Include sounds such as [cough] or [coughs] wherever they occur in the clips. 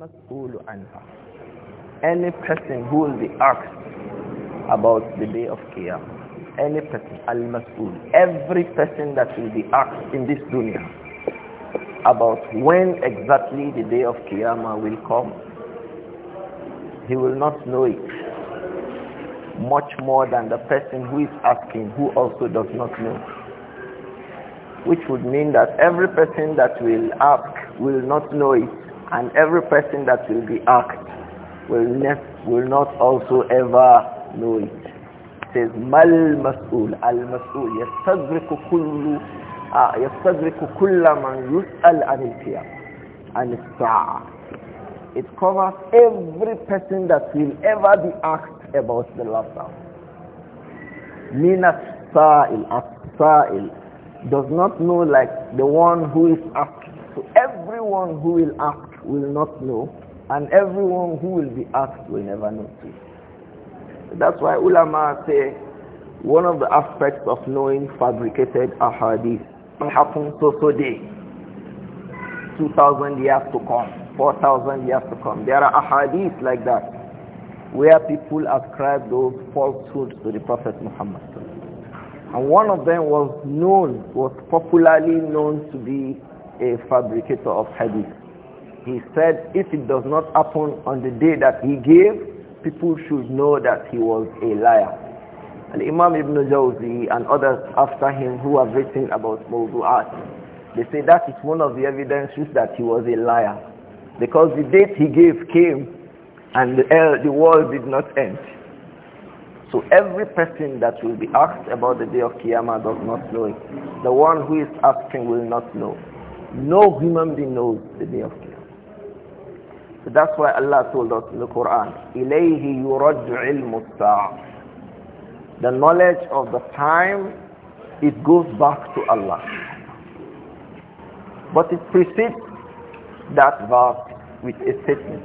al-mas'ulu Any person who will be asked about the day of Qiyamah, any person, al every person that will be asked in this dunya about when exactly the day of Qiyamah will come, he will not know it. Much more than the person who is asking, who also does not know which would mean that every person that will ask will not know it and every person that will be asked will, ne- will not also ever know it. It says, Mal Mas'ul, Al Mas'ul, Yastadriku Kullu, ah, Yastadriku Kulla Man Yus'al Anil and Sa'ah. It covers every person that will ever be asked about the last hour. Minas Sa'il, As-Sa'il, does not know like the one who is asked. So everyone who will ask will not know, and everyone who will be asked will never know too. That's why ulama say one of the aspects of knowing fabricated ahadith will happen so so day, 2,000 years to come, 4,000 years to come. There are ahadith like that where people ascribe those falsehoods to the Prophet Muhammad. And one of them was known, was popularly known to be a fabricator of hadith. He said if it does not happen on the day that he gave, people should know that he was a liar. And Imam Ibn Jawzi and others after him who have written about Mawdu'at, they say that is one of the evidences that he was a liar. Because the date he gave came and the, uh, the world did not end. So every person that will be asked about the day of Qiyamah does not know it. The one who is asking will not know. No human being knows the day of Qiyamah. So that's why Allah told us in the Quran, إِلَيْهِ يُرَجْعِ الْمُسْتَعَ The knowledge of the time, it goes back to Allah. But it precedes that verse with a statement.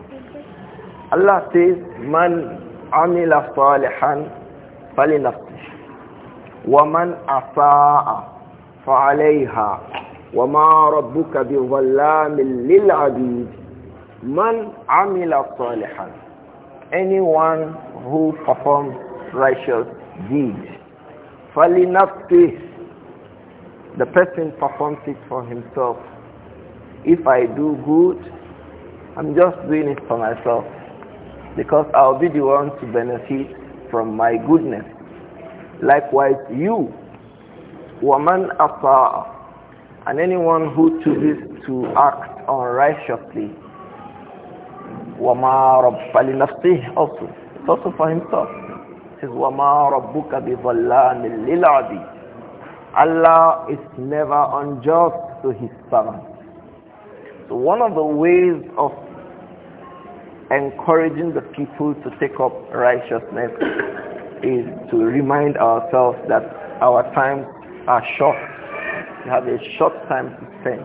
Allah says, مَنْ عَمِلَ صَالِحًا فَلِنَفْسِهِ وَمَنْ أَسَاءَ فَعَلَيْهَا وَمَا رَبُّكَ بِظَلَّامٍ لِلْعَبِيدِ Man amila salihan. Anyone who performs righteous deeds. Falinafsih. The person performs it for himself. If I do good, I'm just doing it for myself. Because I'll be the one to benefit from my goodness. Likewise, you. Woman afar. And anyone who chooses to act unrighteously وَمَا رَبَّ لِنَفْسِهِ also. It's also for himself. It says, وَمَا Allah is never unjust to his servant. So one of the ways of encouraging the people to take up righteousness [coughs] is to remind ourselves that our times are short. We have a short time to spend.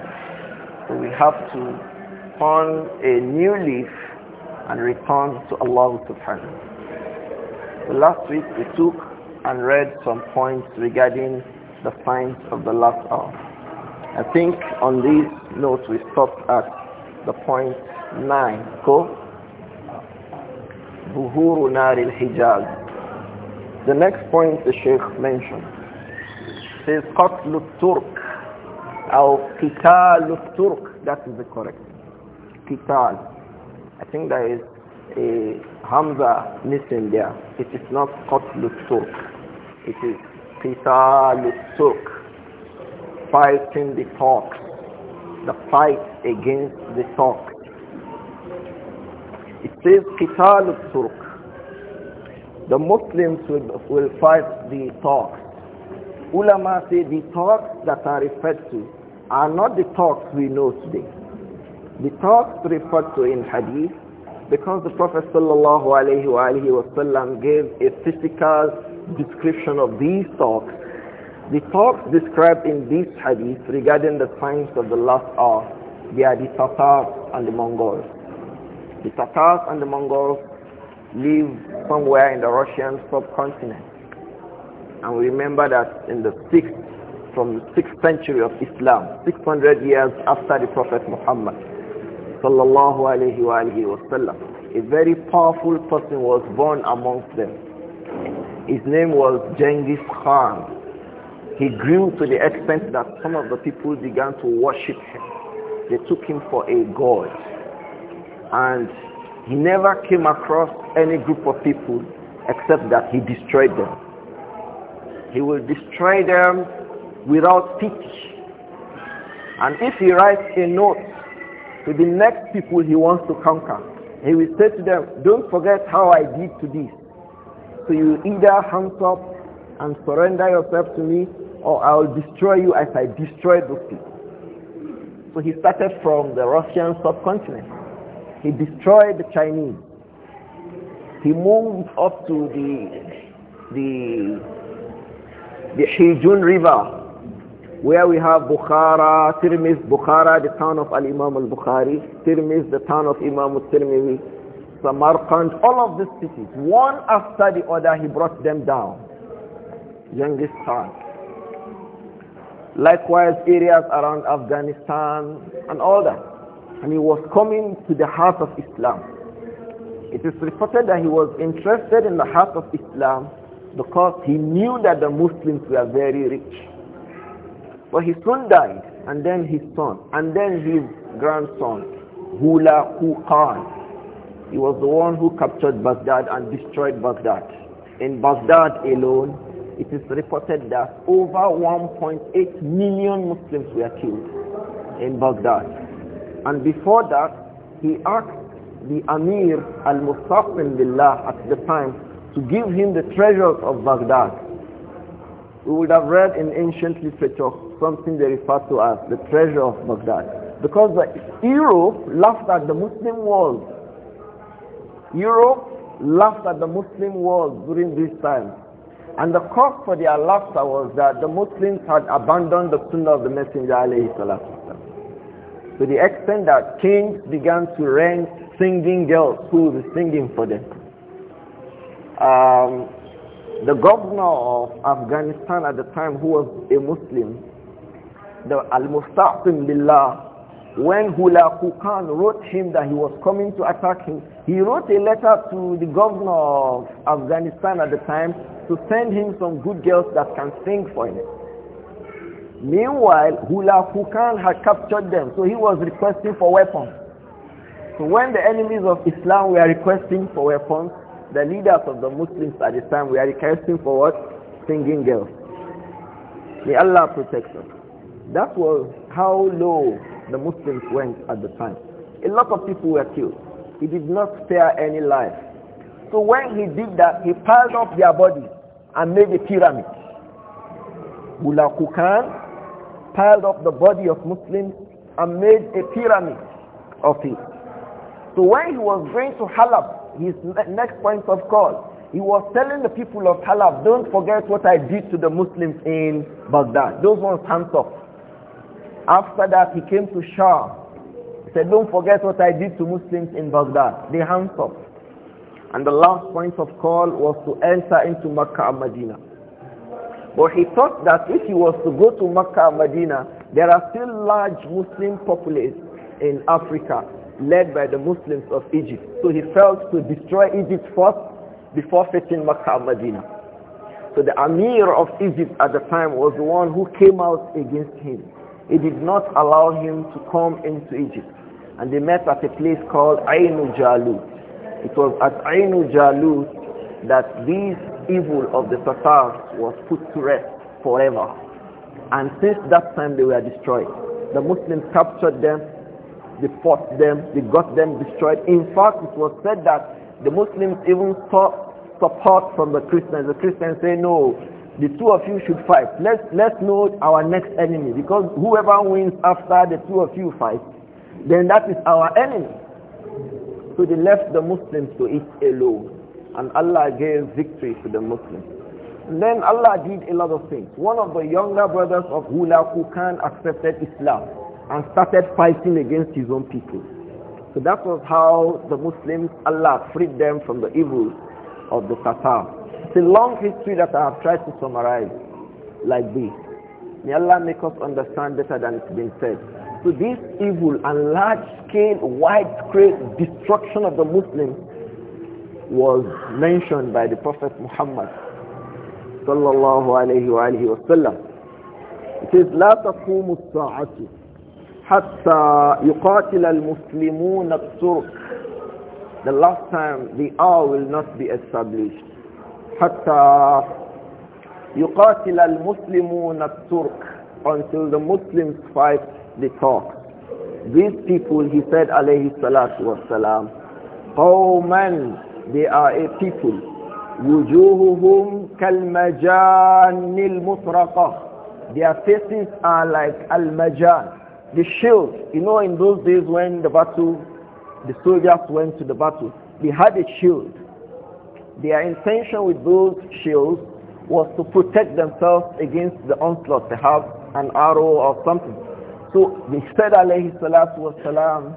So we have to turn a new leaf and return to Allah subhanahu. Last week we took and read some points regarding the signs of the last hour. I think on these notes we stopped at the point 9. Go. Buhuru Naril Hijaz. The next point the Sheikh mentioned says قتل Turk. أو قتال That that is the correct قتال I think there is a Hamza missing there. It is not Qatlu Turk. It is Qitalu Turk. Fighting the Turks. The fight against the Turks. It says Qitalu Turk. The Muslims will, will fight the Turks. Ulama say the Turks that are referred to are not the Turks we know today. The thoughts referred to in hadith, because the Prophet sallallahu wasallam gave a physical description of these thoughts, the thoughts described in these hadith regarding the signs of the last hour, they are the Tatars and the Mongols. The Tatars and the Mongols live somewhere in the Russian subcontinent. And we remember that in the 6th, from the 6th century of Islam, 600 years after the Prophet Muhammad, sallallahu alayhi wa wasallam. A very powerful person was born amongst them. His name was Genghis Khan. He grew to the extent that some of the people began to worship him. They took him for a god. And he never came across any group of people except that he destroyed them. He will destroy them without pity. And if he writes a note to the next people he wants to conquer. He will say to them, don't forget how I did to this. So you either hands up and surrender yourself to me or I will destroy you as I destroyed those people. So he started from the Russian subcontinent. He destroyed the Chinese. He moved up to the the the Shijun River where we have Bukhara, Tirmiz, Bukhara, the town of Al-Imam al-Bukhari, Tirmiz, the town of Imam al-Tirmizi, Samarkand, all of these cities, one after the other, he brought them down. Youngest son. Likewise, areas around Afghanistan and all that. And he was coming to the heart of Islam. It is reported that he was interested in the heart of Islam because he knew that the Muslims were very rich. But his son died, and then his son, and then his grandson, Hula Hu Khan. He was the one who captured Baghdad and destroyed Baghdad. In Baghdad alone, it is reported that over 1.8 million Muslims were killed in Baghdad. And before that, he asked the Amir al-Mustaqim Billah at the time to give him the treasures of Baghdad we would have read in ancient literature something they refer to as the treasure of Baghdad. Because Europe laughed at the Muslim world. Europe laughed at the Muslim world during this time. And the cause for their laughter was that the Muslims had abandoned the Sunnah of the Messenger alayhi To the extent that kings began to rent singing girls who would singing for them. Um, the governor of Afghanistan at the time who was a Muslim, the Al-Musta'qim Billah, when Hula Khan wrote him that he was coming to attack him, he wrote a letter to the governor of Afghanistan at the time to send him some good girls that can sing for him. Meanwhile, Hula Khan had captured them, so he was requesting for weapons. So when the enemies of Islam were requesting for weapons, the leaders of the Muslims at the time were requesting for what? Singing girls. May Allah protect us. That was how low the Muslims went at the time. A lot of people were killed. He did not spare any life. So when he did that, he piled up their bodies and made a pyramid. Bulakukan piled up the body of Muslims and made a pyramid of it. So when he was going to Halab, his next point of call. He was telling the people of Halab, don't forget what I did to the Muslims in Baghdad. Those ones hands up. After that, he came to Shah. He said, don't forget what I did to Muslims in Baghdad. They hands up. And the last point of call was to enter into Makkah and Medina. But he thought that if he was to go to Makkah and Medina, there are still large Muslim populace in Africa led by the Muslims of Egypt. So he felt to destroy Egypt first before facing Makkah and Medina. So the Amir of Egypt at the time was the one who came out against him. He did not allow him to come into Egypt. And they met at a place called Ainu Jalut. It was at Ainu Jalut that this evil of the Tatars was put to rest forever. And since that time they were destroyed. The Muslims captured them they fought them, they got them destroyed. In fact, it was said that the Muslims even sought support from the Christians. The Christians say, no, the two of you should fight. Let's, let's know our next enemy because whoever wins after the two of you fight, then that is our enemy. So they left the Muslims to eat alone. And Allah gave victory to the Muslims. And then Allah did a lot of things. One of the younger brothers of Hulaku Khan accepted Islam and started fighting against his own people. So that was how the Muslims, Allah freed them from the evils of the Tatar. It's a long history that I have tried to summarize like this. May Allah make us understand better than it's been said. So this evil and large-scale, widespread destruction of the Muslims was mentioned by the Prophet Muhammad sallallahu alayhi wa alihi wa sallam. It لا تقوم الساعة حتى يقاتل المسلمون الترك the last time the hour will not be established حتى يقاتل المسلمون الترك until the Muslims fight the talk these people he said alayhi salatu wasalam قوما they are a people وجوههم كالمجان المطرقة their faces are like المجان The shield, you know in those days when the battle, the soldiers went to the battle, they had a shield. Their intention with those shields was to protect themselves against the onslaught, have an arrow or something. So they said alayhi salatu wasalam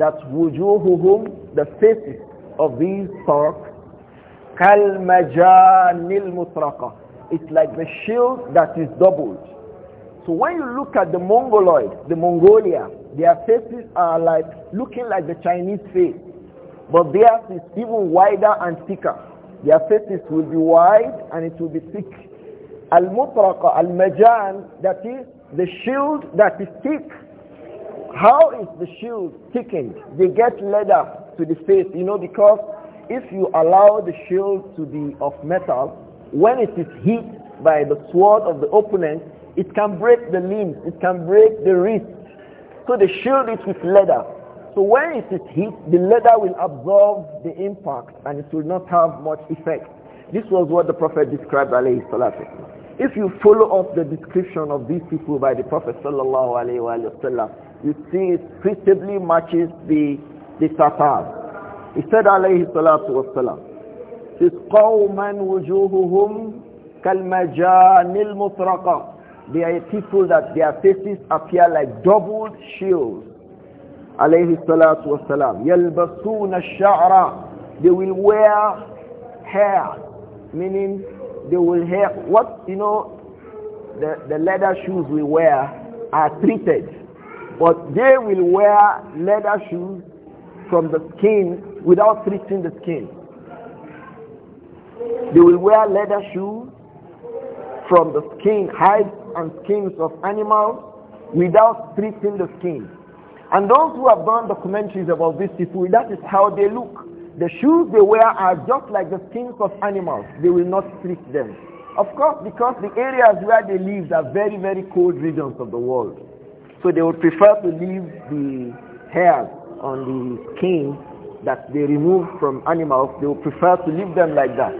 that wujuhuhum, the faces of these storks, nil mutraqa. It's like the shield that is doubled. So when you look at the Mongoloid, the Mongolia, their faces are like looking like the Chinese face. But theirs is even wider and thicker. Their faces will be wide and it will be thick. Al-Mutraqa, Al-Majan, that is the shield that is thick. How is the shield thickened? They get leather to the face, you know, because if you allow the shield to be of metal, when it is hit by the sword of the opponent, it can break the limbs. It can break the wrist. So they shield it with leather. So when it is hit, the leather will absorb the impact and it will not have much effect. This was what the Prophet described alayhi salatu. If you follow up the description of these people by the Prophet sallallahu alayhi wa you see it precisely matches the, the Tatar. He said alayhi salatu wa sallam, says, قَوْمًا وُجُوهُهُمْ كَالْمَجَانِ الْمُطْرَقَةِ they are people that their faces appear like doubled shields. Alayhi salatu wasalam. Yalbasuna sha'ra. They will wear hair, meaning they will wear what, you know, the, the leather shoes we wear are treated. But they will wear leather shoes from the skin without treating the skin. They will wear leather shoes from the skin, hides and skins of animals without stripping the skin. And those who have done documentaries about these people, that is how they look. The shoes they wear are just like the skins of animals. They will not treat them. Of course, because the areas where they live are very, very cold regions of the world. So they would prefer to leave the hairs on the skin that they remove from animals. They would prefer to leave them like that.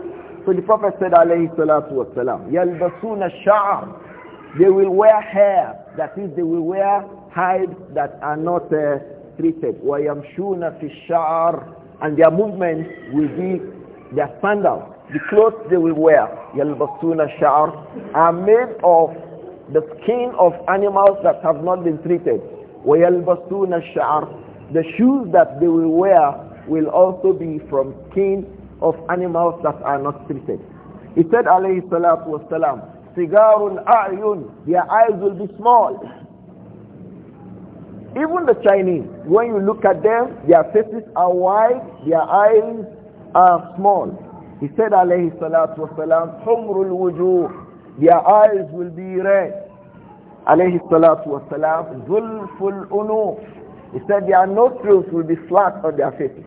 So the Prophet said, alayhi salatu wasalam, يَلْبَسُونَ They will wear hair, that is, they will wear hides that are not uh, treated. وَيَمْشُونَ فِي الشَّعَرْ And their movements will be their sandals. The clothes they will wear, yalbasuna الشَّعَرْ are made of the skin of animals that have not been treated. وَيَلْبَسُونَ الشَّعَرْ The shoes that they will wear will also be from skin of animals that are not treated. He said, alayhi salatu was salam, a'yun, their eyes will be small. Even the Chinese, when you look at them, their faces are wide, their eyes are small. He said, alayhi salatu was salam, humrul wujuh, their eyes will be red. Alayhi salatu was salam, zulful unuf. He said their nostrils will be flat on their faces.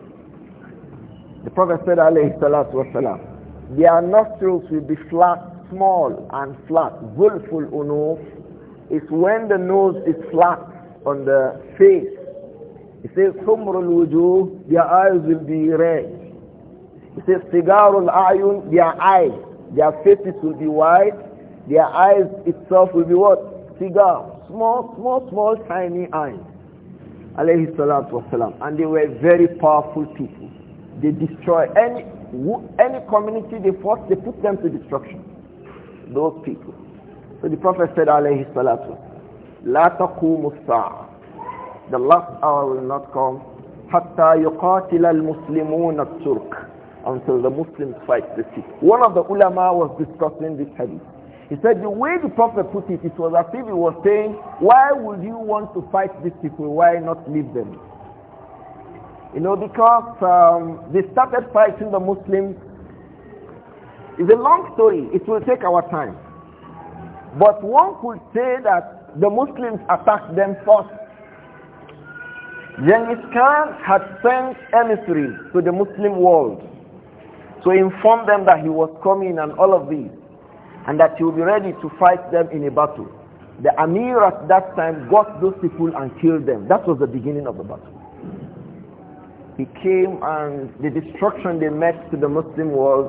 The Prophet said, alayhi their nostrils will be flat, small and flat. Zulful unuf is when the nose is flat on the face. He says, humrul wujuh, their eyes will be red. He says, sigarul ayun, their eyes, their faces will be white, Their eyes itself will be what? Cigar. Small, small, small, tiny eyes. And they were very powerful people. They destroy any, any community they force, they put them to destruction. Those people. So the Prophet said, alayhi salatu, لا تقوم The last hour will not come حتى يقاتل al Turk. until the Muslims fight the Sikh. One of the ulama was discussing this hadith. He said the way the Prophet put it, it was as if he was saying, why would you want to fight these people? Why not leave them? You know, because um, they started fighting the Muslims. It's a long story. It will take our time. But one could say that the Muslims attacked them first. Genghis Khan had sent emissaries to the Muslim world to inform them that he was coming and all of these, and that he would be ready to fight them in a battle. The Amir at that time got those people and killed them. That was the beginning of the battle he came and the destruction they met to the Muslim was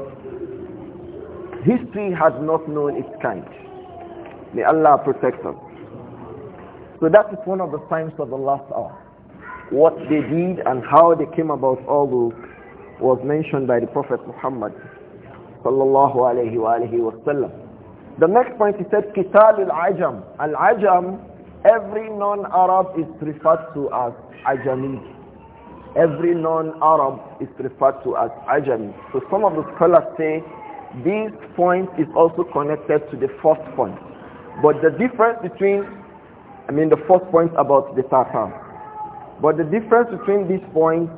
history has not known its kind. May Allah protect us. So that is one of the signs of the last hour. What they did and how they came about all those was mentioned by the Prophet Muhammad sallallahu alayhi wa wasallam. The next point he said, Kital al-Ajam. Al-Ajam, every non-Arab is referred to as Ajami every non-Arab is referred to as Ajami. So some of the scholars say this point is also connected to the first point. But the difference between, I mean the first point about the Tatar, but the difference between this point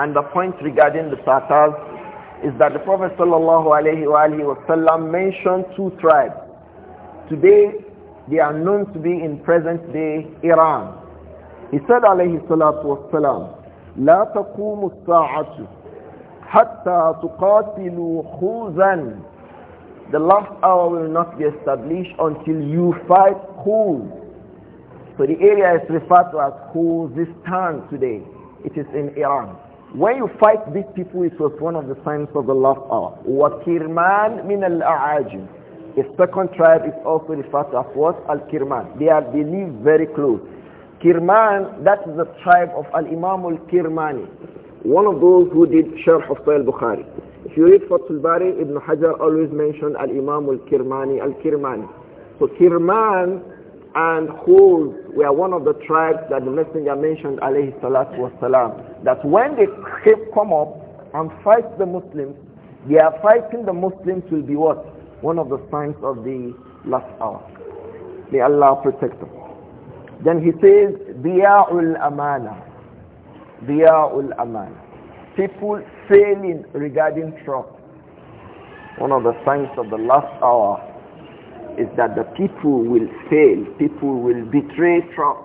and the point regarding the Tatars is that the Prophet sallallahu wasallam mentioned two tribes. Today they are known to be in present day Iran. He said alayhi salatu wasalam, لا تقوم الساعة حتى تقاتلوا خوزا The last hour will not be established until you fight Khuz. So the area is referred to as Khuzistan today. It is in Iran. When you fight these people, it was one of the signs of the last hour. min al الْأَعَاجِمِ A second tribe is also referred to as what? Al-Kirman. They are, they live very close. Kirman, that is the tribe of Al-Imam Al-Kirmani, one of those who did Sharh of Sahih Bukhari. If you read Fathul Bari, Ibn Hajar always mentioned Al-Imam Al-Kirmani, Al-Kirmani. So Kirman and Khuz were one of the tribes that the Messenger mentioned, alayhi salatu wasalam, that when they come up and fight the Muslims, they are fighting the Muslims will be what? One of the signs of the last hour. May Allah protect them. Then he says, Diya'ul amana. Diya'ul amana. People failing regarding trust. One of the signs of the last hour is that the people will fail. People will betray trust.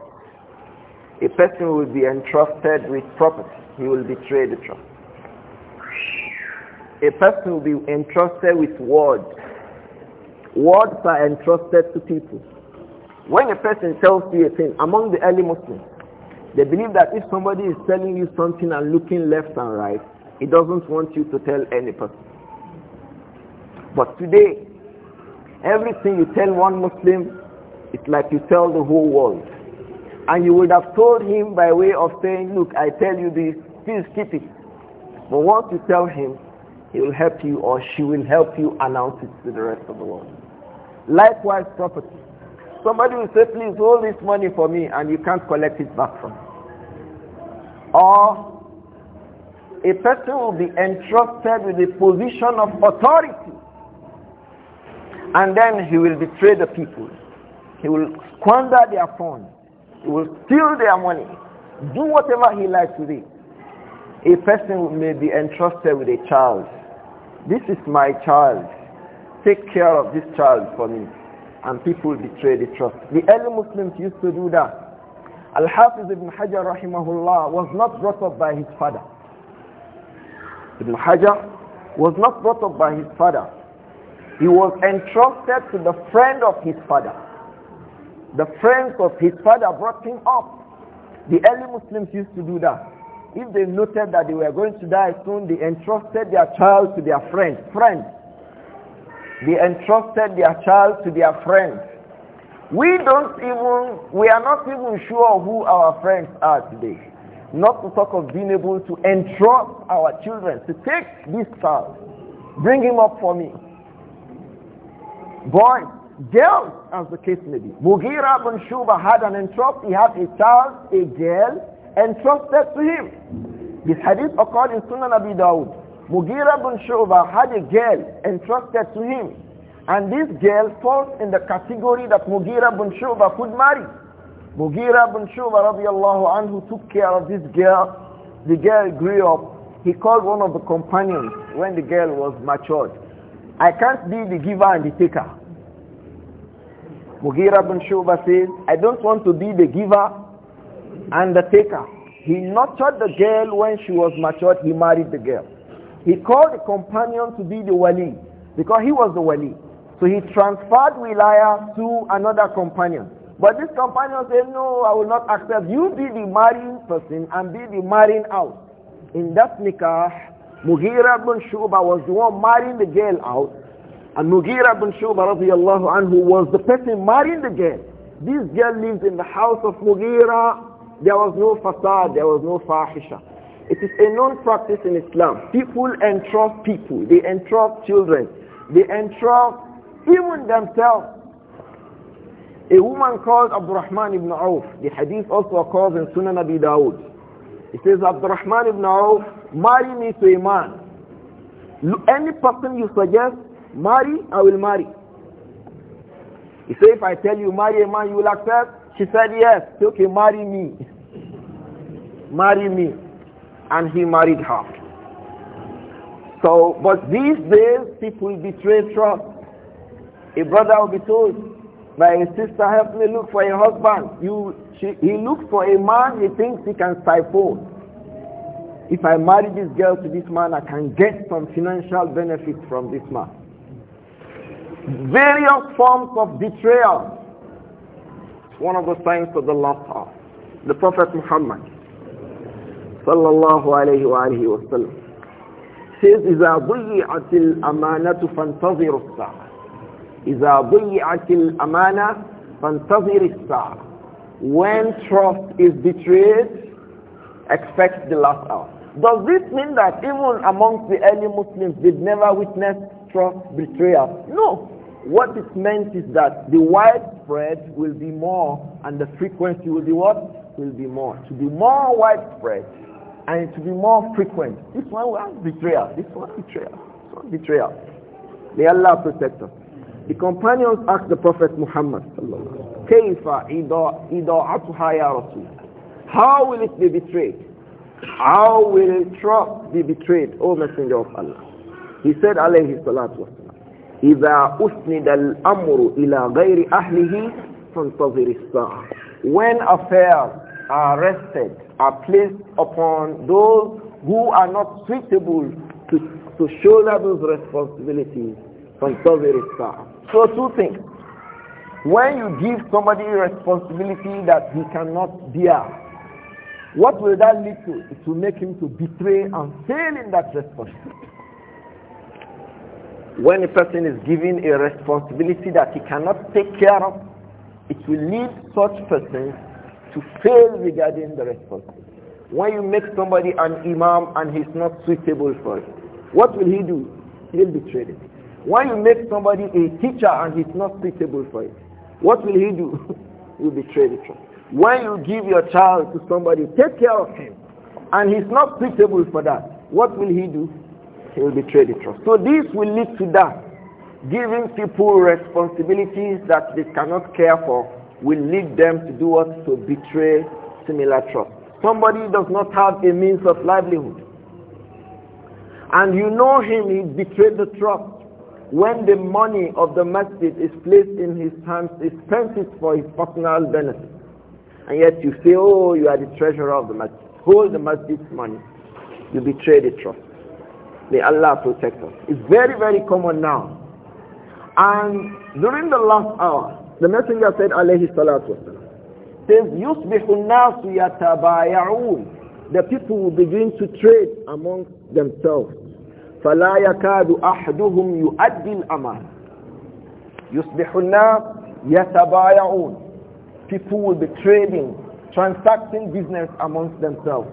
A person will be entrusted with property. He will betray the trust. A person will be entrusted with words. Words are entrusted to people when a person tells you a thing, among the early Muslims, they believe that if somebody is telling you something and looking left and right, he doesn't want you to tell any person. But today, everything you tell one Muslim, it's like you tell the whole world. And you would have told him by way of saying, look, I tell you this, please keep it. But once you tell him, he will help you or she will help you announce it to the rest of the world. Likewise, property. Somebody will say, please hold this money for me and you can't collect it back from me. Or a person will be entrusted with a position of authority and then he will betray the people. He will squander their funds. He will steal their money. Do whatever he likes with it. A person may be entrusted with a child. This is my child. Take care of this child for me and people betray the trust. The early Muslims used to do that. Al-Hafiz ibn Hajar rahimahullah was not brought up by his father. Ibn Hajar was not brought up by his father. He was entrusted to the friend of his father. The friends of his father brought him up. The early Muslims used to do that. If they noted that they were going to die soon, they entrusted their child to their friend. Friend, they entrusted their child to their friends. We don't even, we are not even sure who our friends are today. Not to talk of being able to entrust our children to take this child, bring him up for me. Boys, girls, as the case may be. Mughira bin Shuba had an entrust, he had a child, a girl, entrusted to him. This hadith occurred in Sunan Abi Dawud. Mugira bin Shu'bah had a girl entrusted to him. And this girl falls in the category that Mugira bin Shu'bah could marry. Mugira bin Shu'bah radiallahu anhu took care of this girl. The girl grew up. He called one of the companions when the girl was matured. I can't be the giver and the taker. Mugira bin Shu'bah says, I don't want to be the giver and the taker. He nurtured the girl when she was matured. He married the girl. He called a companion to be the wali because he was the wali. So he transferred wilayah to another companion. But this companion said, no, I will not accept. You be the marrying person and be the marrying out. In that nikah, Mughira ibn Shuba was the one marrying the girl out. And Mughira ibn Shuba radiallahu anhu was the person marrying the girl. This girl lived in the house of Mughira. There was no facade, there was no fahisha. It is a known practice in Islam. People entrust people. They entrust children. They entrust even themselves. A woman called Abdurrahman ibn Auf. The hadith also occurs in Sunan Abi Dawud. It says, Abdurrahman ibn Auf, marry me to a man. Any person you suggest, marry, I will marry. He said, if I tell you marry a man, you will accept? She said, yes. okay, marry me. [laughs] marry me and he married her. So, but these days people betray trust. A brother will be told, my sister help me look for a husband. You, she, he looks for a man he thinks he can siphon. If I marry this girl to this man, I can get some financial benefit from this man. Various forms of betrayal. One of the signs of the last The Prophet Muhammad sallallahu alayhi wa alihi wa sallam says إِذَا ضُيِّعَتِ الْأَمَانَةُ فَانْتَظِرُ When trust is betrayed, expect the last hour. Does this mean that even amongst the early Muslims they never witnessed trust betrayal? No. What it meant is that the widespread will be more and the frequency will be what? Will be more. To be more widespread, and it will be more frequent. This one will have betrayal. This one betrayal. This one betrayal. May Allah protect us. The companions asked the Prophet Muhammad كيف إضاعتها يا رسول How will it be betrayed? How will trust be betrayed, O Messenger of Allah? He said عليه الصلاة والسلام إذا أسند الأمر إلى غير أهله فانتظر الساعة When affairs are arrested, are placed upon those who are not suitable to, to shoulder those responsibilities from Sovereign Star. So two things. When you give somebody responsibility that he cannot bear, what will that lead to? It will make him to betray and fail in that responsibility. When a person is given a responsibility that he cannot take care of, it will lead such persons to fail regarding the responsibility. When you make somebody an imam and he's not suitable for it, what will he do? He'll betray it. When you make somebody a teacher and he's not suitable for it, what will he do? He'll [laughs] betray the trust. When you give your child to somebody, take care of him, and he's not suitable for that, what will he do? He'll betray the trust. So this will lead to that, giving people responsibilities that they cannot care for will lead them to do what? To betray similar trust. Somebody does not have a means of livelihood. And you know him, he betrayed the trust. When the money of the masjid is placed in his hands, he spends it for his personal benefit. And yet you say, oh, you are the treasurer of the masjid. Hold the masjid's money. You betray the trust. May Allah protect us. It's very, very common now. And during the last hour, the messenger said alayhi salatu wasalam, says يُصْبِحُ النَّاسُ The people will begin to trade among themselves. فَلَا يَكَادُ أَحْدُهُمْ يُؤَدِّي الْأَمَانِ يُصْبِحُ النَّاسُ يَتَبَايَعُونَ People will be trading, transacting business amongst themselves.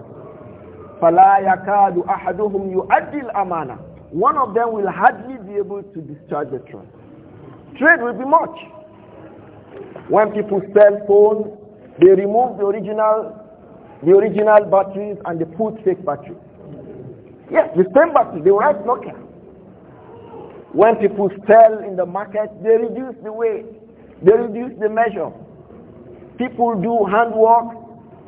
فَلَا يَكَادُ أَحَدُهُمْ يُؤَدِّي الْأَمَانَةِ One of them will hardly be able to discharge the trust. Trade will be much. When people sell phones, they remove the original, the original batteries and they put fake batteries. Yes, the same battery, they write Nokia. When people sell in the market, they reduce the weight, they reduce the measure. People do handwork,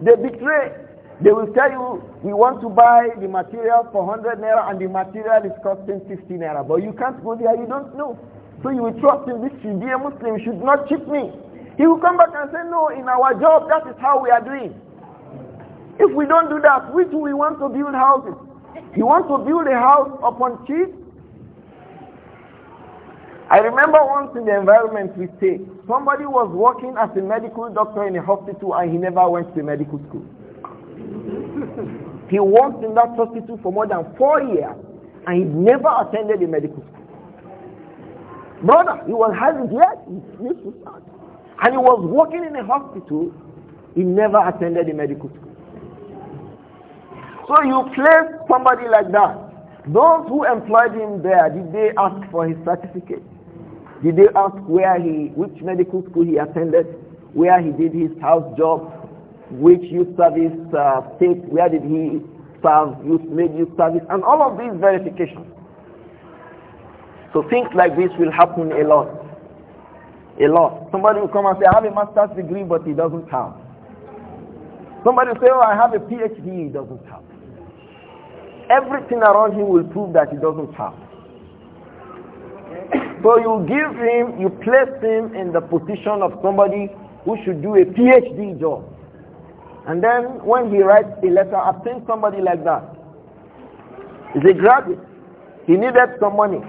they betray. They will tell you, we want to buy the material for 100 naira and the material is costing 50 naira. But you can't go there, you don't know. So you will trust in this should be a Muslim, should not cheat me. He will come back and say, no, in our job, that is how we are doing. If we don't do that, which we want to build houses? he want to build a house upon cheese? I remember once in the environment we stayed, somebody was working as a medical doctor in a hospital and he never went to medical school. he worked in that hospital for more than four years and he never attended a medical school. Brother, he was having yet, he missed out. And he was working in a hospital. He never attended a medical school. So you place somebody like that. Those who employed him there, did they ask for his certificate? Did they ask where he, which medical school he attended, where he did his house job, which youth service uh, state, where did he serve, youth made youth service, and all of these verifications. So things like this will happen a lot. A lot. Somebody will come and say, I have a master's degree, but it doesn't count." Somebody will say, oh, I have a PhD, it doesn't count." Everything around him will prove that it doesn't count. So you give him, you place him in the position of somebody who should do a PhD job. And then when he writes a letter, I've seen somebody like that. He's a graduate. He needed some money.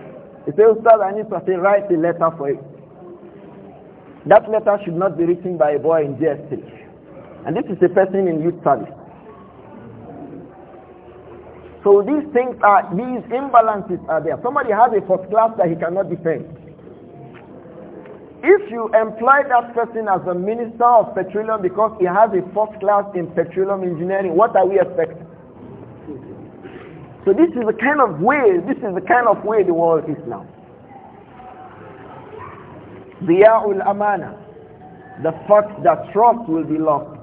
He says, Ustaz, I need to write a letter for it. That letter should not be written by a boy in gs And this is a person in youth service. So these things are, these imbalances are there. Somebody has a first class that he cannot defend. If you employ that person as a minister of petroleum because he has a first class in petroleum engineering, what are we expecting? So this is the kind of way, this is the kind of way the world is now. Ziyā'ul amana. The fact that trust will be lost.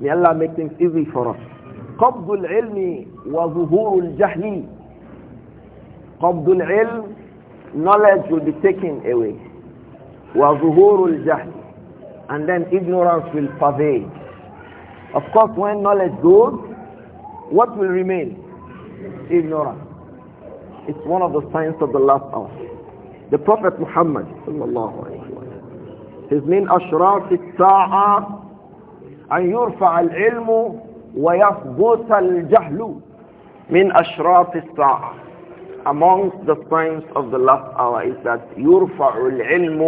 May Allah make things easy for us. قبض العلم وظهور الجهل قبض al-Ilm, knowledge will be taken away Wa وظهور al-Jahli, and then ignorance will pervade of course when knowledge goes what will remain ignorance it's one of the signs of the last hour the Prophet Muhammad his name أشراف الساعة أن يرفع العلم ويثبت الجهل من أشراف الساعة Amongst the signs of the last hour is that يرفع العلم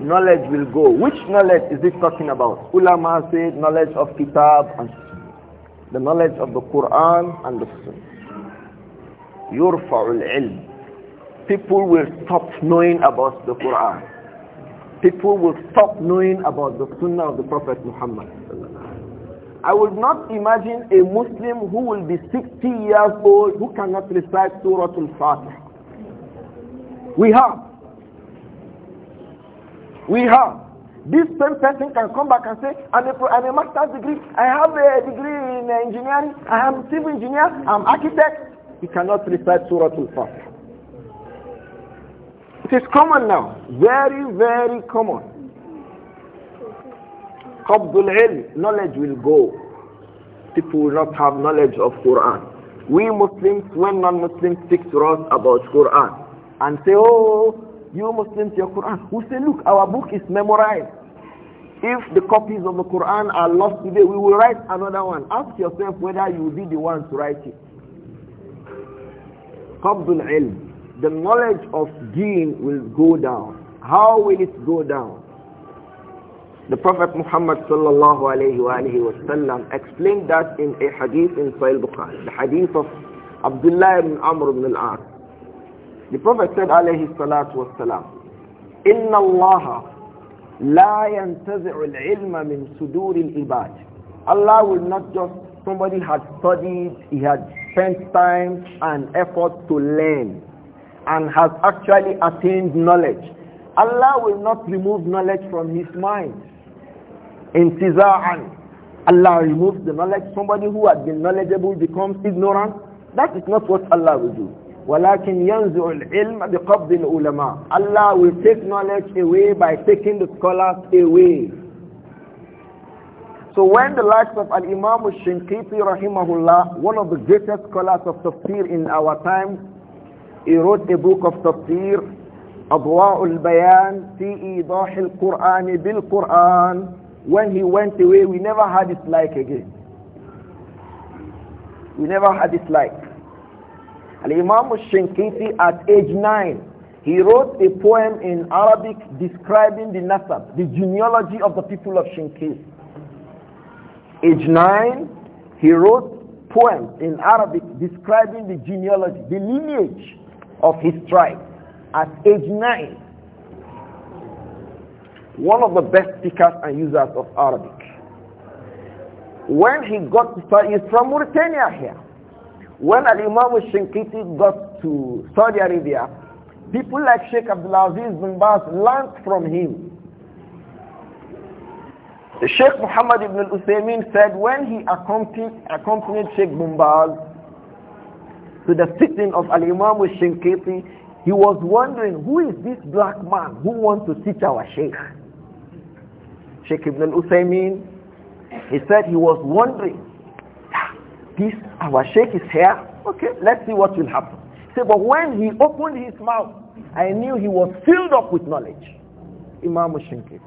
Knowledge will go. Which knowledge is he talking about? Ulama said knowledge of kitab and the knowledge of the Quran and the Sunnah. يرفع العلم people will stop knowing about the Quran. People will stop knowing about the Sunnah of the Prophet Muhammad. I would not imagine a Muslim who will be 60 years old who cannot recite Surah Al-Fatiha. We have. We have. This same person can come back and say, I'm a, I'm a master's degree. I have a degree in engineering. I am civil engineer. I'm architect. He cannot recite Surah Al-Fatiha. It is common now. Very, very common. Qabdul ilm, knowledge will go. People will not have knowledge of Quran. We Muslims, when non-Muslims speak to us about Quran and say, oh, you Muslims, your Quran. We say, look, our book is memorized. If the copies of the Quran are lost today, we will write another one. Ask yourself whether you will be the one to write it. Qabdul ilm the knowledge of deen will go down. How will it go down? The Prophet Muhammad sallallahu alayhi wa alayhi explained that in a hadith in Sahih Bukhari, the hadith of Abdullah ibn Amr ibn al-As. The Prophet said alayhi salatu wasalam, إِنَّ اللَّهَ لَا يَنْتَزِعُ الْعِلْمَ مِنْ صُدُورِ ibad Allah will not just, somebody had studied, he had spent time and effort to learn and has actually attained knowledge. Allah will not remove knowledge from his mind. In Tiza'an, Allah removes the knowledge. Somebody who had been knowledgeable becomes ignorant. That is not what Allah will do. ولكن ينزع العلم بقبض العلماء Allah will take knowledge away by taking the scholars away so when the likes of al-imam al-shinkiti rahimahullah one of the greatest scholars of tafsir in our time he wrote a book of tafsir, abwa al-Bayan fi Idah al-Qur'an bil-Qur'an. When he went away, we never had his like again. We never had his like. Al-Imam shinkiti at age 9, he wrote a poem in Arabic describing the nasab, the genealogy of the people of Shinkiti. Age 9, he wrote poems in Arabic describing the genealogy, the lineage of his tribe at age 9. One of the best speakers and users of Arabic. When he got to study, he's from Mauritania here. When Al-Imam shinkiti got to Saudi Arabia, people like Sheikh Abdulaziz bin Baz learned from him. Sheikh Muhammad ibn al-Uthaymeen said when he accompanied, accompanied Sheikh bin to the sitting of Al-Imam al-Shinkiti, he was wondering, who is this black man who wants to teach our Sheikh? Sheikh Ibn al he said he was wondering, ah, this, our Sheikh is here, okay, let's see what will happen. He said, but when he opened his mouth, I knew he was filled up with knowledge. Imam al-Shinkiti,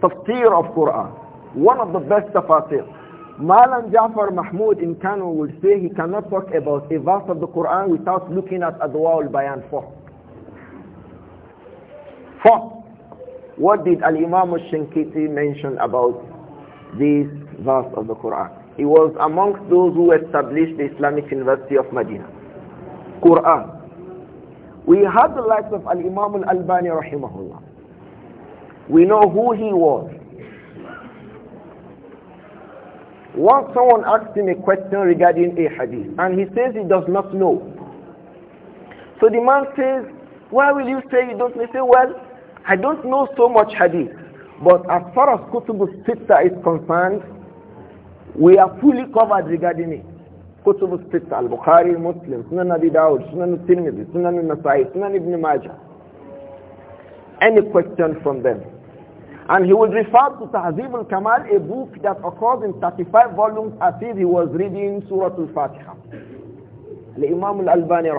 tafsir of Quran, one of the best tafsir. Malam Jafar Mahmood, in Kano would say he cannot talk about a verse of the Quran without looking at Adwa al-Bayan 4. 4. What did Al-Imam al-Shankiti mention about this verse of the Quran? He was amongst those who established the Islamic University of Medina. Quran. We had the likes of Al-Imam al-Albani rahimahullah. We know who he was. Once someone asks him a question regarding a hadith and he says he does not know. So the man says, why will you say you don't know? says, well, I don't know so much hadith. But as far as Kutubu Sitta is concerned, we are fully covered regarding it. Kutubu Sitta, Al-Bukhari, Muslim, Sunan Abi Dawud, Sunan Tirmidhi, Sunan Nasai, Sunan Ibn Majah. Any question from them? And he would refer to Tahzib al-Kamal, a book that occurs in 35 volumes as if he was reading Surah al-Fatiha. Al-Imam al-Albani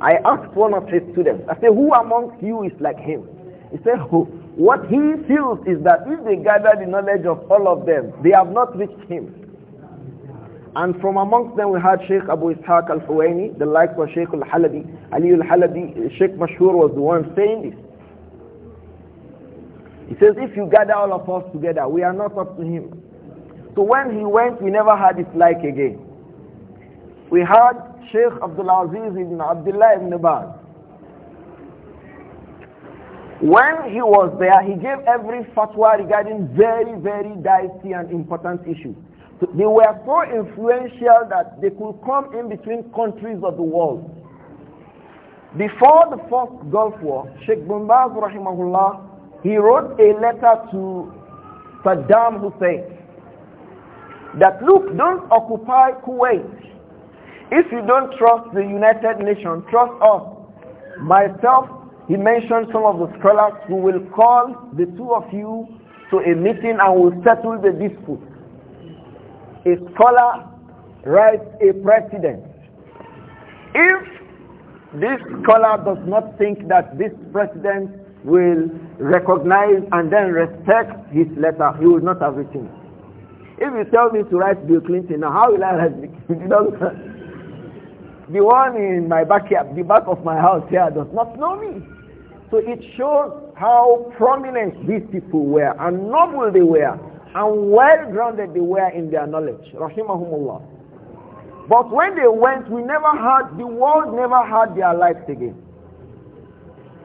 I asked one of his students, I said, who amongst you is like him? He said, who? What he feels is that if they gather the knowledge of all of them, they have not reached him. And from amongst them we had Sheikh Abu Ishaq al-Huwaini, the likes of Sheikh al-Halabi, Ali al-Halabi, Sheikh Mashur was the one saying this. He says, if you gather all of us together, we are not up to him. So when he went, we never had it like again. We had Sheikh Abdul Aziz ibn Abdullah ibn Baz. When he was there, he gave every fatwa regarding very, very dicey and important issues. So they were so influential that they could come in between countries of the world. Before the first Gulf War, Sheikh Bin Baz, rahimahullah, he wrote a letter to Saddam Hussein that look, don't occupy Kuwait. If you don't trust the United Nations, trust us. Myself, he mentioned some of the scholars who will call the two of you to a meeting and will settle the dispute. A scholar writes a president. If this scholar does not think that this president will recognize and then respect his letter, he would not have written If you tell me to write Bill Clinton, now how will I write Bill Clinton? [laughs] the one in my backyard, the back of my house here does not know me. So it shows how prominent these people were and noble they were and well-grounded they were in their knowledge. Rahimahumullah. But when they went, we never had, the world never had their lives again.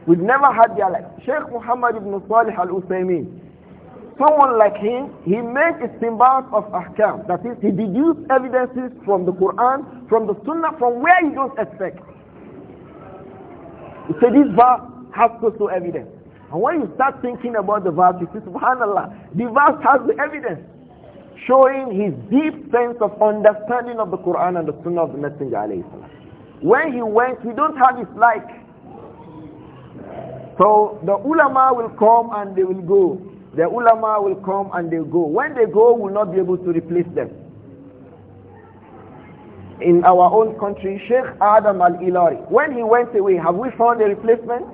We've never had their like Sheikh Muhammad ibn Salih al Uthaymeen. Someone like him, he made a symbol of ahkam. That is, he deduced evidences from the Quran, from the Sunnah, from where you don't expect. He said this verse has so so evidence. And when you start thinking about the verse, you say, subhanAllah, the verse has the evidence showing his deep sense of understanding of the Quran and the Sunnah of the Messenger. When he went, we don't have his like. So the ulama will come and they will go. The ulama will come and they go. When they go, we'll not be able to replace them. In our own country, Sheikh Adam al-Ilari, when he went away, have we found a replacement?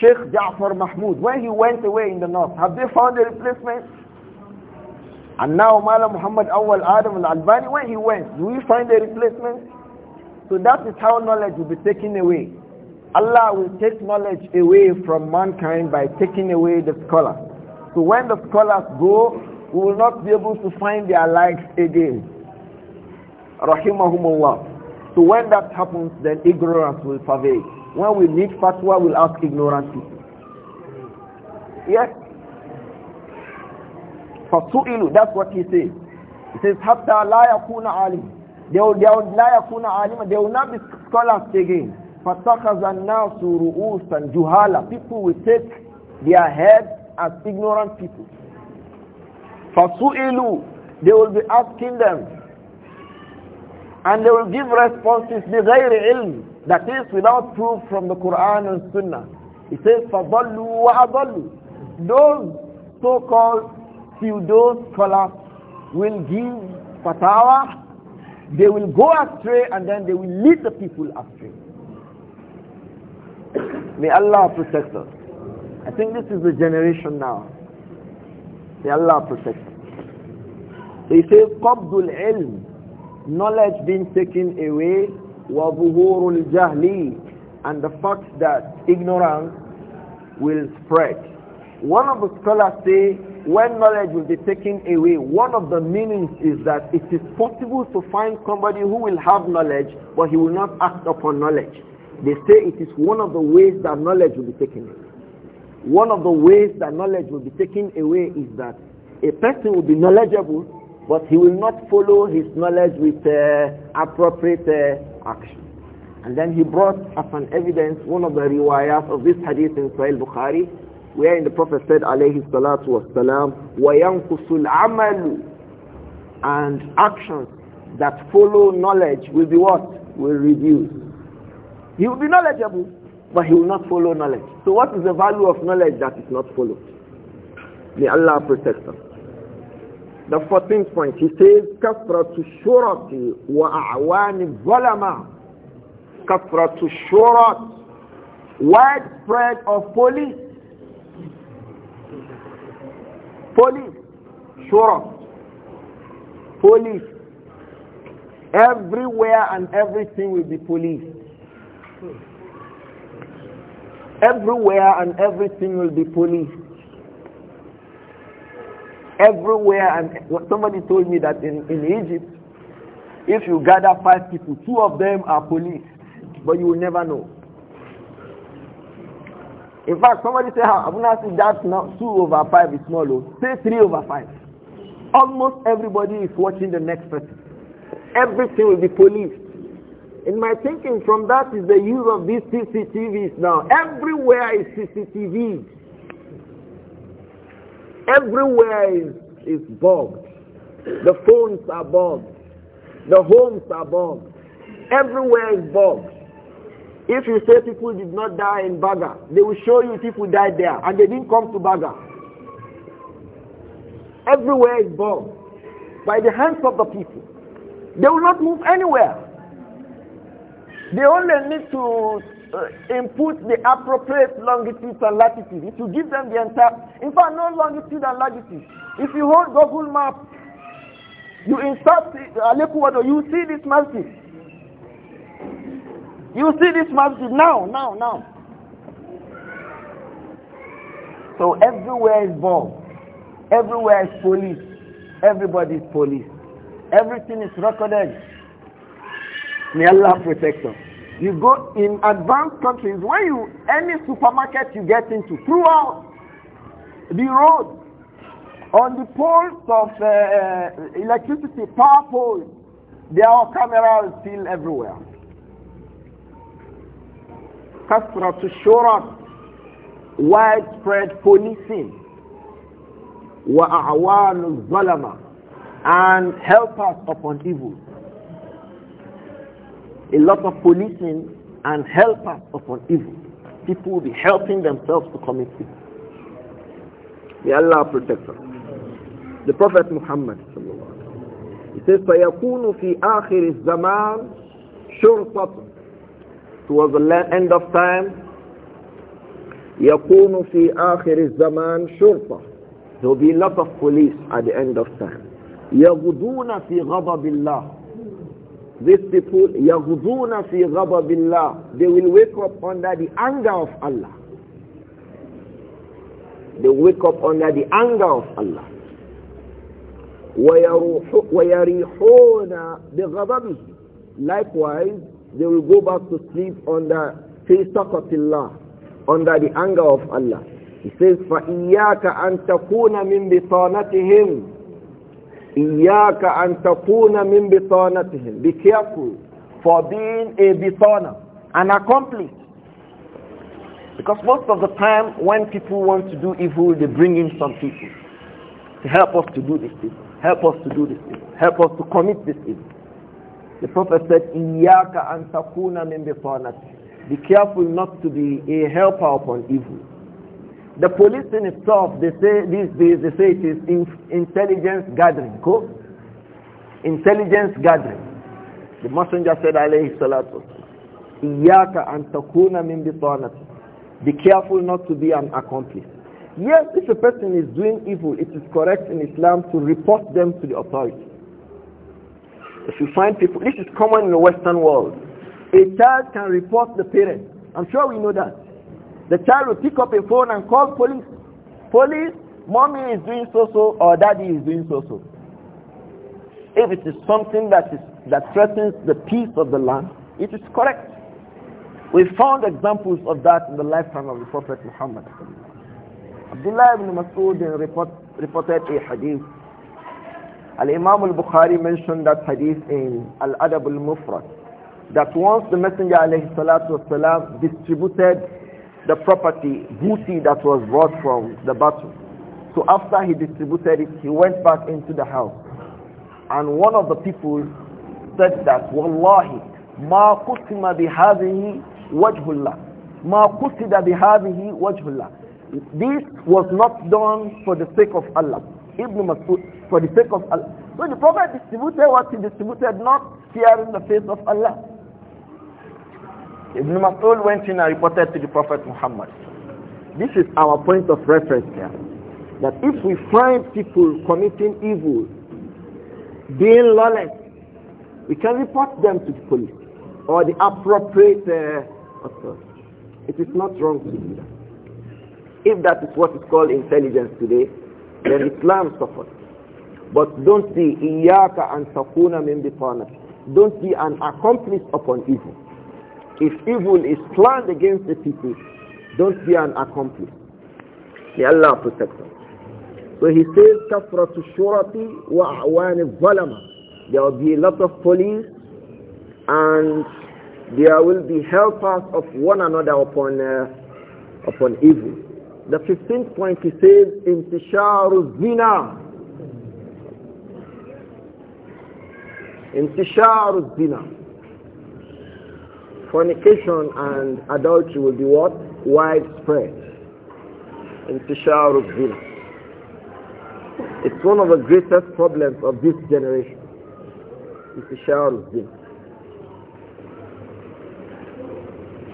Sheikh Ja'far Mahmoud, when he went away in the north, have they found a replacement? And now Mala Muhammad Awal Adam al-Albani, when he went, do we find a replacement? So that is how knowledge will be taken away. Allah will take knowledge away from mankind by taking away the scholars. So when the scholars go, we will not be able to find their likes again. Rahimahumullah. So when that happens, then ignorance will pervade. When we need fatwa, we'll ask ignorance. people. Yes. فَسُئِلُوا That's what he says. He says, "Hatta la yakuna alim." They will, they will, They will not be scholars again. فَتَخَذَ النَّاسُ and جُهَالًا People will take their heads as ignorant people. فَسُئِلُوا They will be asking them. And they will give responses بِغَيْرِ عِلْمٍ That is without proof from the Quran and Sunnah. It says wa وَأَضَلُّوا Those so-called pseudo-scholars will give fatawa. They will go astray and then they will lead the people astray. May Allah protect us. I think this is the generation now. May Allah protect us. They say, قبض ilm knowledge being taken away, وظهور jahli, and the fact that ignorance will spread. One of the scholars say, when knowledge will be taken away, one of the meanings is that it is possible to find somebody who will have knowledge, but he will not act upon knowledge. They say it is one of the ways that knowledge will be taken away. One of the ways that knowledge will be taken away is that a person will be knowledgeable, but he will not follow his knowledge with uh, appropriate uh, action. And then he brought as an evidence one of the riwayat of this hadith in Sahih Bukhari, wherein the Prophet said, alayhi salatu wasalam, وَيَنْقُسُ الْعَمَلُ And actions that follow knowledge will be what? Will reduce. He will be knowledgeable, but he will not follow knowledge. So what is the value of knowledge that is not followed? May Allah protect us. The 14th point, he says, كَفْرَةُ الشُّرَطِ وَأَعْوَانِ الظَّلَمَةِ كَفْرَةُ الشُّرَطِ Widespread of police. Police. Shurat. Police. Everywhere and everything will be police. Everywhere and everything will be policed. Everywhere and somebody told me that in, in Egypt, if you gather five people, two of them are police, but you will never know. In fact, somebody said, "How Abuna said that now two over five is small. Oh. Say three over five. Almost everybody is watching the next person. Everything will be policed. In my thinking from that is the use of these CCTVs now. Everywhere is CCTV. Everywhere is, is bogged. The phones are bogged. The homes are bogged. Everywhere is bogged. If you say people did not die in Baga, they will show you people died there and they didn't come to Baga. Everywhere is bombed by the hands of the people. They will not move anywhere. They only need to uh, input the appropriate longitude and latitude. It will give them the entire, in fact, no longitude and latitude. If you hold Google map, you insert Aleku Wado, you see this masjid. You see this masjid now, now, now. So everywhere is bomb. Everywhere is police. Everybody is police. Everything is recorded. May Allah protect us. You go in advanced countries where you any supermarket you get into throughout the road on the poles of uh, uh electricity power poles there are cameras still everywhere. Kasra to show us widespread policing wa and help us upon evil a lot of policing and helpers upon evil. People will be helping themselves to commit sin. May Allah protect us. The Prophet Muhammad he says, فَيَكُونُ فِي آخِرِ الزَّمَانِ شُرْطَةٌ Towards the end of time, يَكُونُ فِي آخِرِ الزَّمَانِ شُرْطَةٌ There will be a lot of police at the end of time. يَغُدُونَ فِي غَضَبِ اللَّهِ these people, They will wake up under the anger of Allah. They wake up under the anger of Allah. وَيَرِيحُونَ بِغَضَبِهِ Likewise, they will go back to sleep under فِي سَقَطِ اللَّهِ Under the anger of Allah. He says, فَإِيَّاكَ أَن تَكُونَ مِن بِطَانَتِهِمْ إِيَّاكَ أَن تَكُونَ Be careful for being a bitana, an accomplice. Because most of the time when people want to do evil, they bring in some people to help us to do this thing, help us to do this thing, help us to commit this evil. The Prophet said, إِيَّاكَ أَن تَكُونَ Be careful not to be a helper upon evil. The police in itself, they say these days, they say it is in, intelligence gathering. Go. Intelligence gathering. The messenger said, alayhi salatu Iyaka an takuna min Be careful not to be an accomplice. Yes, if a person is doing evil, it is correct in Islam to report them to the authority. If you find people, this is common in the Western world. A child can report the parent. I'm sure we know that. The child will pick up a phone and call police. Police, mommy is doing so-so or daddy is doing so-so. If it is something that, is, that threatens the peace of the land, it is correct. We found examples of that in the lifetime of the Prophet Muhammad. Abdullah ibn Mas'ud report, reported a hadith. Al-Imam al-Bukhari mentioned that hadith in Al-Adab al-Mufrad that once the Messenger alayhi salatu distributed the property, booty that was brought from the battle. So after he distributed it, he went back into the house. And one of the people said that, Wallahi, ma qusima bihadihi wajhullah. Ma qusida bihadihi wajhullah. This was not done for the sake of Allah. Ibn Masud, for the sake of Allah. So the Prophet distributed what he distributed, not fearing the face of Allah. Ibn Mas'ud went in and reported to the Prophet Muhammad. This is our point of reference here. That if we find people committing evil, being lawless, we can report them to the police or the appropriate uh, authority. It is not wrong to do that. If that is what is called intelligence today, then Islam suffers. But don't be iyaka and sakuna min bitanat. Don't be an accomplice upon evil. If evil is planned against the people, don't be an accomplice. May Allah protect us. So he says, كَفْرَةُ الشُّرَطِ وَأَعْوَانِ الظَّلَمَةِ There will be a lot of police and there will be helpers of one another upon, uh, upon evil. The 15th point he says, انتشار الزنا انتشار الزنا fornication and adultery will be what? Widespread. in of It's one of the greatest problems of this generation. in of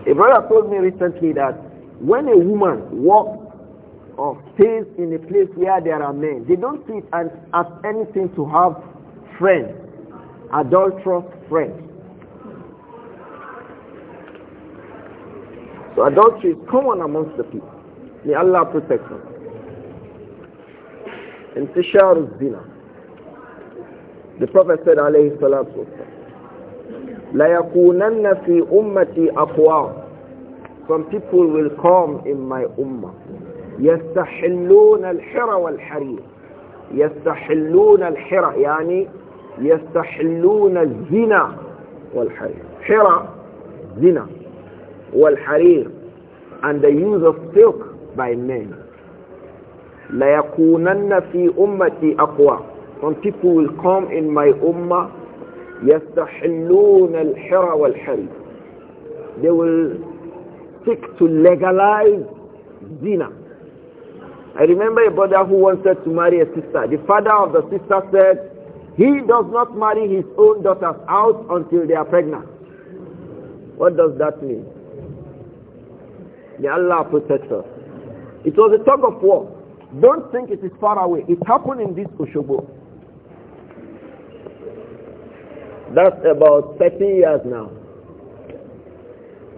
A brother told me recently that when a woman walks or stays in a place where there are men, they don't see it as, as anything to have friends, adulterous friends. So adultery is common amongst the people. May Allah protect us. انتشار الزنا The Prophet said عليه الصلاة والسلام ليكونن في أمتي أقوام Some people will come in my ummah يستحلون الحر والحرير يستحلون الحر يعني يستحلون الزنا والحرير حرى زنا والحرير and the use of silk by men ليكونن في أمتي أقوى some people will come in my ummah يستحلون الحر والحرير they will seek to legalize zina I remember a brother who wanted to marry a sister. The father of the sister said, he does not marry his own daughters out until they are pregnant. What does that mean? May Allah protect us. It was a tug of war. Don't think it is far away. It happened in this Oshobo. That's about 30 years now.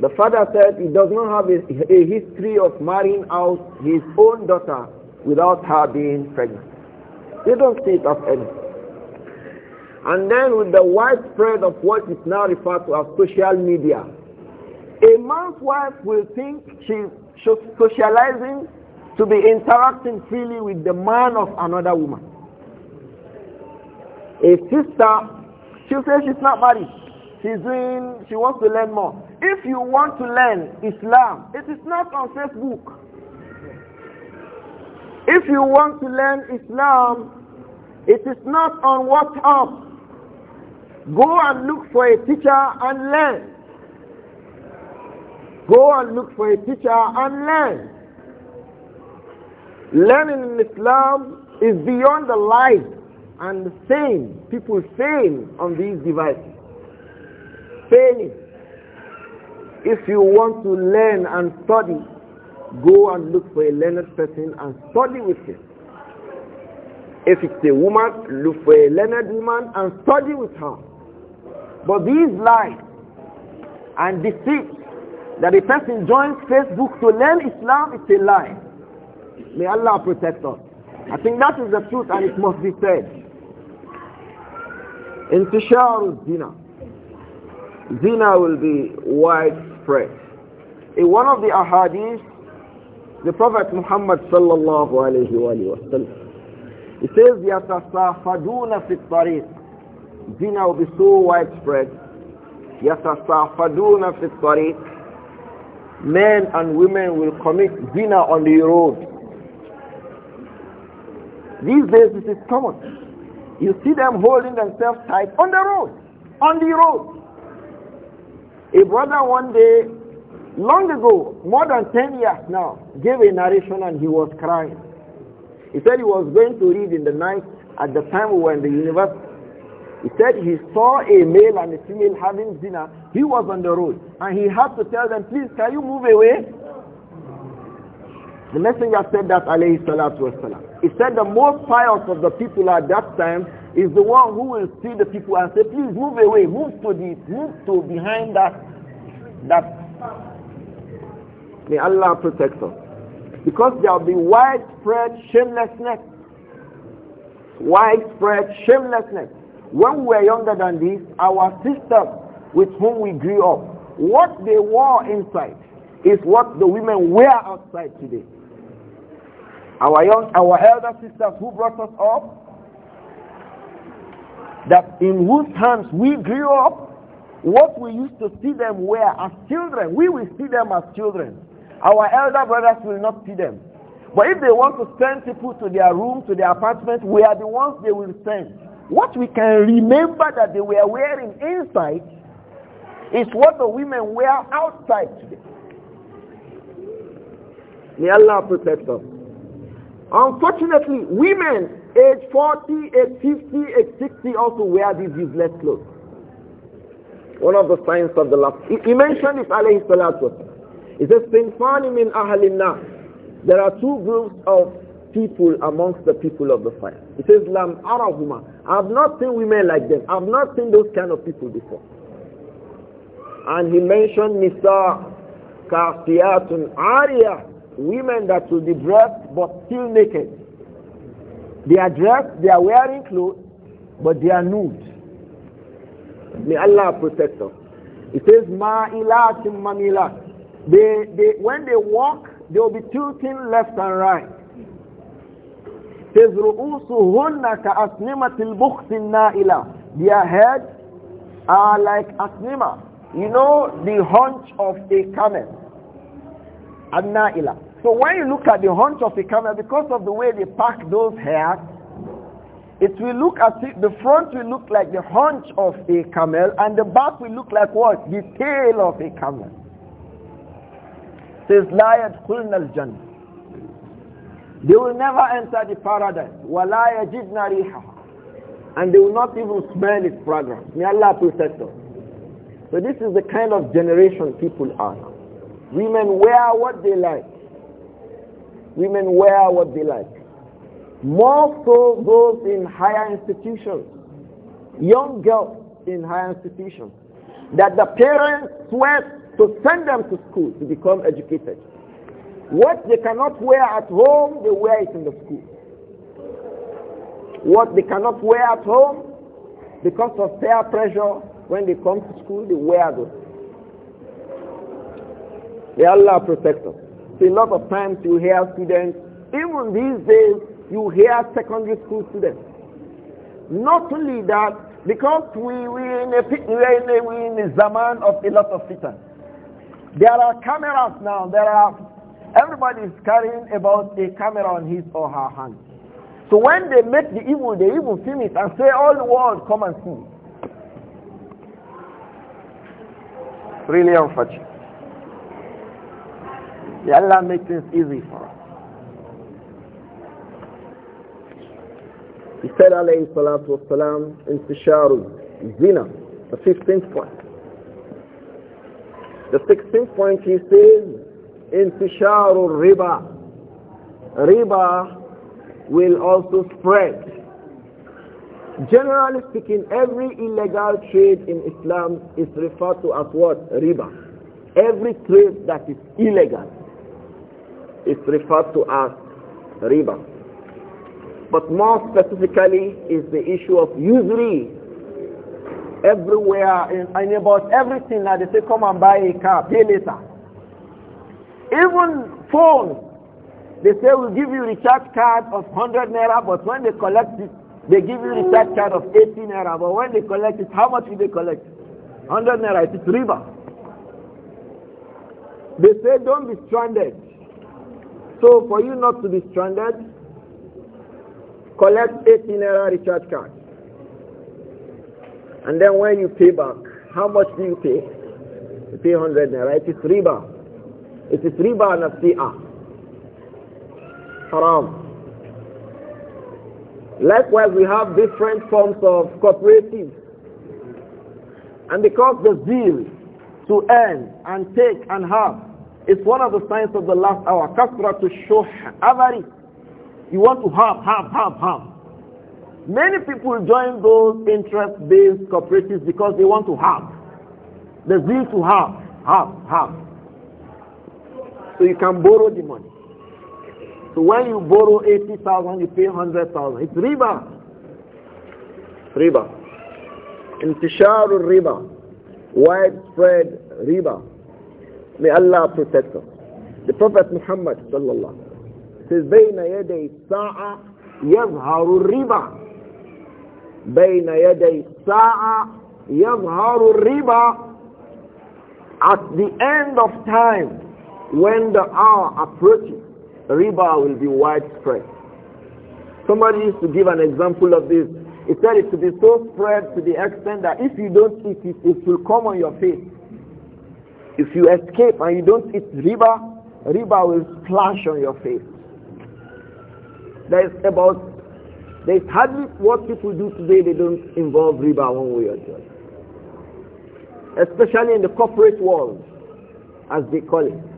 The father said he does not have a, a history of marrying out his own daughter without her being pregnant. They don't see it as any. And then with the widespread of what is now referred to as social media, a man's wife will think she's socializing to be interacting freely with the man of another woman. A sister, she'll say she's not married. She's doing, she wants to learn more. If you want to learn Islam, it is not on Facebook. If you want to learn Islam, it is not on WhatsApp. Go and look for a teacher and learn. Go and look for a teacher and learn. Learning in Islam is beyond the light and the same. People fail on these devices. Failing. If you want to learn and study, go and look for a learned person and study with him. If it's a woman, look for a learned woman and study with her. But these lies and deceit that a person joins Facebook to learn Islam is a lie. May Allah protect us. I think that is the truth and it must be said. Intishar zina. Zina will be widespread. In one of the ahadith, the Prophet Muhammad sallallahu alayhi wa sallam, he says, يَتَصَافَدُونَ فِي الطَّرِيقِ Zina will be so widespread. يَتَصَافَدُونَ فِي الطَّرِيقِ men and women will commit zina on the road. These days it is common. You see them holding themselves tight on the road. On the road. A brother one day, long ago, more than 10 years now, gave a narration and he was crying. He said he was going to read in the night at the time we were in the university. He said he saw a male and a female having dinner. He was on the road and he had to tell them, please, can you move away? The messenger said that, alayhi salatu wasalam. He said the most pious of the people at that time is the one who will see the people and say, please move away, move to the, move to behind that, that. May Allah protect us. Because there will be widespread shamelessness. Widespread shamelessness when we were younger than this, our sisters with whom we grew up, what they wore inside is what the women wear outside today. Our young, our elder sisters who brought us up, that in whose hands we grew up, what we used to see them wear as children, we will see them as children. Our elder brothers will not see them. But if they want to send people to their room, to their apartment, we are the ones they will send. What we can remember that they were wearing inside is what the women wear outside today. May Allah protect us. Unfortunately, women age 40, age 50, age 60 also wear these useless clothes. One of the signs of the last. He, he mentioned it, alayhi salatu He says, There are two groups of people amongst the people of the fire. He says, Lam arahuma. I've not seen women like them. I've not seen those kind of people before. And he mentioned Nisa kafiyatun Arya, Women that will be dressed but still naked. They are dressed, they are wearing clothes, but they are nude. May Allah protect us. He says, Ma'ilat mamila. They, they, when they walk, they will be tilting left and right says their heads are like camel. you know the haunch of a camel an so when you look at the haunch of a camel because of the way they pack those hairs it will look as if the front will look like the haunch of a camel and the back will look like what the tail of a camel says la yadkhulna al they will never enter the paradise. وَلَا يَجِدْنَ رِيحَهَا And they will not even smell its fragrance. May Allah protect us. So this is the kind of generation people are. Women wear what they like. Women wear what they like. More so those in higher institutions. Young girls in higher institutions. That the parents sweat to send them to school to become educated. What they cannot wear at home, they wear it in the school. What they cannot wear at home, because of peer pressure, when they come to school, they wear those. May Allah protect us. a lot of times you hear students, even these days, you hear secondary school students. Not only that, because we we in a we in a, we in a zaman of a lot of fitan. There are cameras now. There are Everybody is carrying about a camera on his or her hand. So when they make the evil, they even film it and say, all the world, come and see. Really unfortunate. May Allah make things easy for us. He said, alayhi salatu wasalam, in zina, the 15th point. The 16th point he says, intishar riba riba will also spread generally speaking every illegal trade in islam is referred to as what riba every trade that is illegal is referred to as riba but more specifically is the issue of usury everywhere and about everything that they say come and buy a car pay later even phone, they say we'll give you recharge card of 100 naira, but when they collect it, they give you recharge card of 18 naira. But when they collect it, how much will they collect? 100 naira, it's riba. They say don't be stranded. So for you not to be stranded, collect 18 naira recharge card. And then when you pay back, how much do you pay? You pay 100 naira. It is riba. It is riba nasi'ah. Haram. Likewise, we have different forms of cooperatives. And because the zeal to earn and take and have is one of the signs of the last hour. Kasra to show Avari, You want to have, have, have, have. Many people join those interest-based cooperatives because they want to have. The zeal to have, have, have. So you can borrow the money. So when you borrow 80,000, you pay 100,000. It's riba. Riba. Intishar riba. Widespread riba. May Allah protect us. The Prophet Muhammad sallallahu says, بين يدي الساعة يظهر الربا. بين يدي الساعة يظهر الربا. At the end of time, when the hour approaches, riba will be widespread. Somebody used to give an example of this. He said it to be so spread to the extent that if you don't eat it, it will come on your face. If you escape and you don't eat riba, riba will splash on your face. There is about there is hardly what people do today they don't involve riba one way or the other. Especially in the corporate world, as they call it.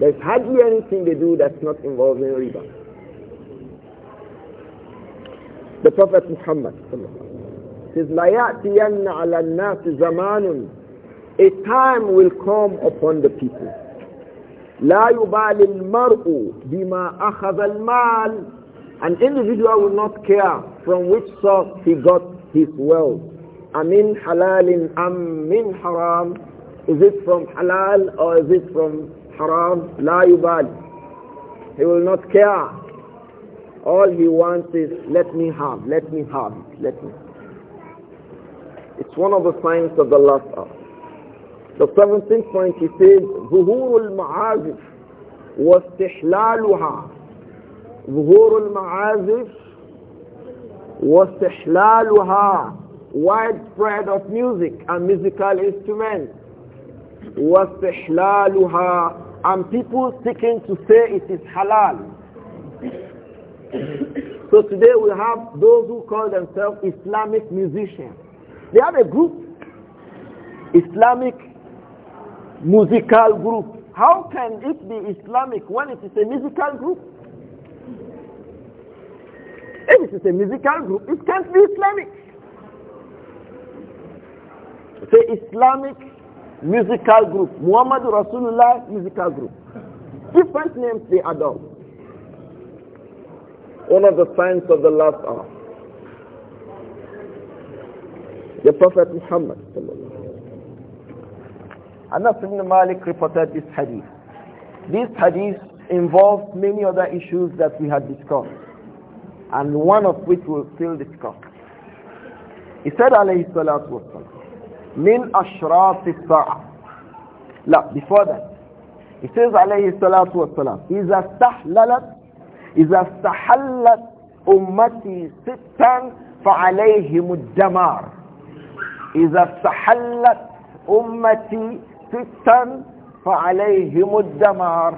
There's hardly anything they do that's not involving riba. The Prophet Muhammad says, لَيَأْتِيَنَّ عَلَى النَّاسِ زَمَانٌ A time will come upon the people. لَا يُبَالِ الْمَرْءُ بِمَا أَخَذَ الْمَالِ An individual will not care from which source he got his wealth. Amin in am min haram. Is it from halal or is it from haram, la yubal. He will not care. All he wants is, let me have, let me have, let me. It's one of the signs of the last hour. The 17th point he says, ظهور المعازف واستحلالها ظهور المعازف واستحلالها widespread of music and musical instruments واستحلالها and people seeking to say it is halal. so today we have those who call themselves Islamic musicians. They have a group, Islamic musical group. How can it be Islamic when it is a musical group? If it is a musical group, it can't be Islamic. Say Islamic musical group. Muhammad Rasulullah musical group. Different names they adopt. One of the signs of the last hour. The Prophet Muhammad. Anas ibn Malik reported this hadith. This hadith involves many other issues that we had discussed, and one of which we'll still discuss. He said, alayhi salatu من اشراط الساعه لا before that says عليه الصلاة والسلام إذا استحللت إذا استحلت أمتي ستا فعليهم الدمار إذا استحلت أمتي ستا فعليهم الدمار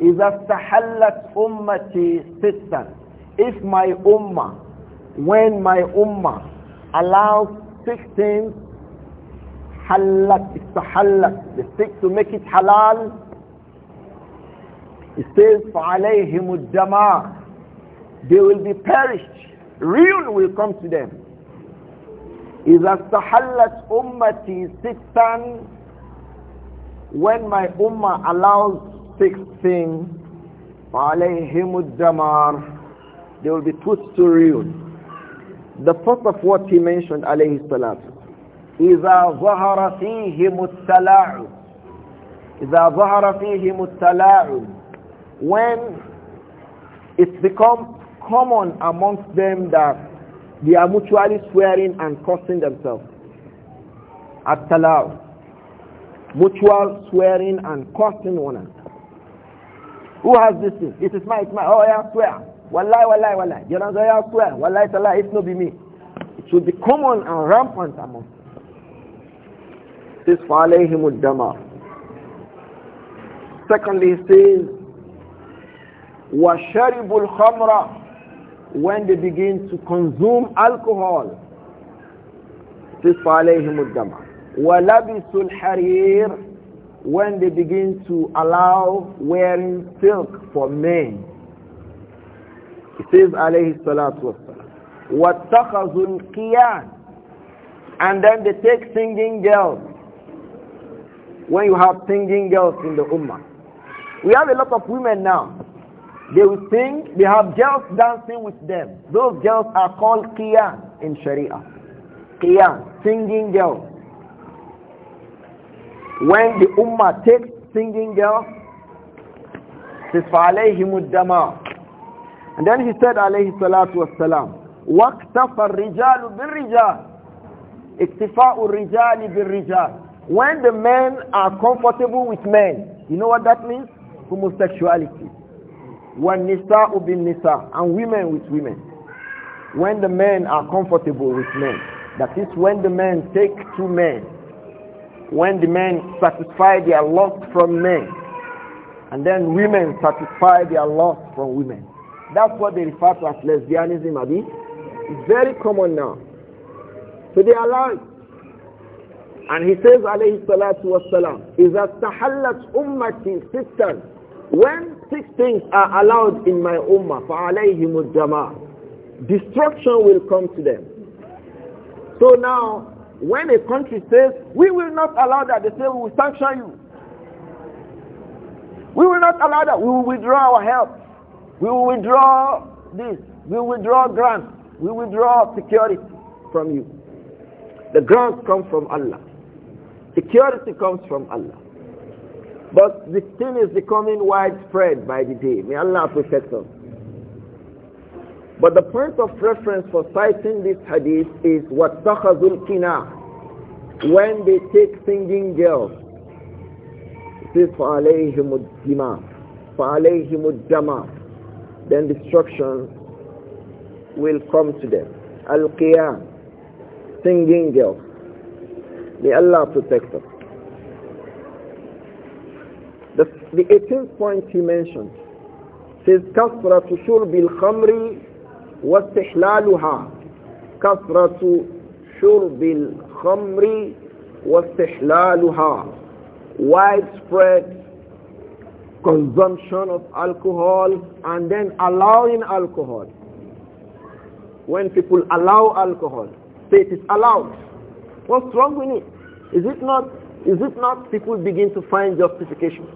إذا استحلت أمتي ستا if my ummah when my ummah allows six things halak, halal. They seek to make it halal. It says, فَعَلَيْهِمُ الدَّمَاء They will be perished. Ruin will come to them. إِذَا اسْتَحَلَّتْ أُمَّتِي سِتًّا When my ummah allows six things, فَعَلَيْهِمُ الدَّمَارِ They will be put to ruin. The first of what he mentioned, alayhi salatu إذا ظهر فيهم التلاعب إذا ظهر فيهم التلاعب when it becomes common amongst them that they are mutually swearing and cursing themselves at-talaw mutual swearing and cursing one another who has this thing it is my it's my oh yeah swear wallahi wallahi wallahi you know yeah swear wallahi taala it be me it should be common and rampant amongst them says فَعَلَيْهِمُ الدَّمَارِ Secondly, he says وَشَرِبُ الْخَمْرَ When they begin to consume alcohol, it says فَعَلَيْهِمُ الدَّمَارِ وَلَبِسُ الْحَرِيرِ When they begin to allow wearing silk for men, He says alayhi salatu wassalam وَاتَّخَذُوا الْقِيَانِ And then they take singing girls when you have singing girls in the ummah. We have a lot of women now. They will sing, they have girls dancing with them. Those girls are called qiyan in Sharia. Qiyan, singing girls. When the ummah takes singing girls, says, فَعَلَيْهِمُ الدَّمَاءُ And then he said, alayhi salatu wassalam, rijal الرِّجَالُ بِالرِّجَالِ اكتفاء الرجال بالرجال when the men are comfortable with men, you know what that means? Homosexuality. When nisa bin nisa, and women with women. When the men are comfortable with men, that is when the men take two men, when the men satisfy their lust from men, and then women satisfy their lust from women. That's what they refer to as lesbianism, Abi. It's very common now. So they allow and he says, alayhi salatu Is that اسْتَحَلَّتْ أُمَّتِي سِتًّا When six things are allowed in my ummah, فَعَلَيْهِمُ الْجَمَاعِ Destruction will come to them. So now, when a country says, we will not allow that, they say, we will sanction you. We will not allow that. We will withdraw our help. We will withdraw this. We will withdraw grants. We will withdraw security from you. The grants come from Allah. Security comes from Allah. But the thing is becoming widespread by the day. May Allah protect us. But the point of reference for citing this hadith is what وَاتَّخَذُوا الْكِنَا When they take singing girls. It is فَعَلَيْهِمُ الدِّمَا Then destruction will come to them. Al-Qiyam, singing girls. May Allah protect us. The, the 18th point he mentioned says, كَثْرَةُ شُرْبِ الْخَمْرِ وَاسْتِحْلَالُهَا كَثْرَةُ شُرْبِ الْخَمْرِ وَاسْتِحْلَالُهَا Widespread consumption of alcohol and then allowing alcohol. When people allow alcohol, say it is allowed. What's wrong with it? Is it not, is it not people begin to find justification?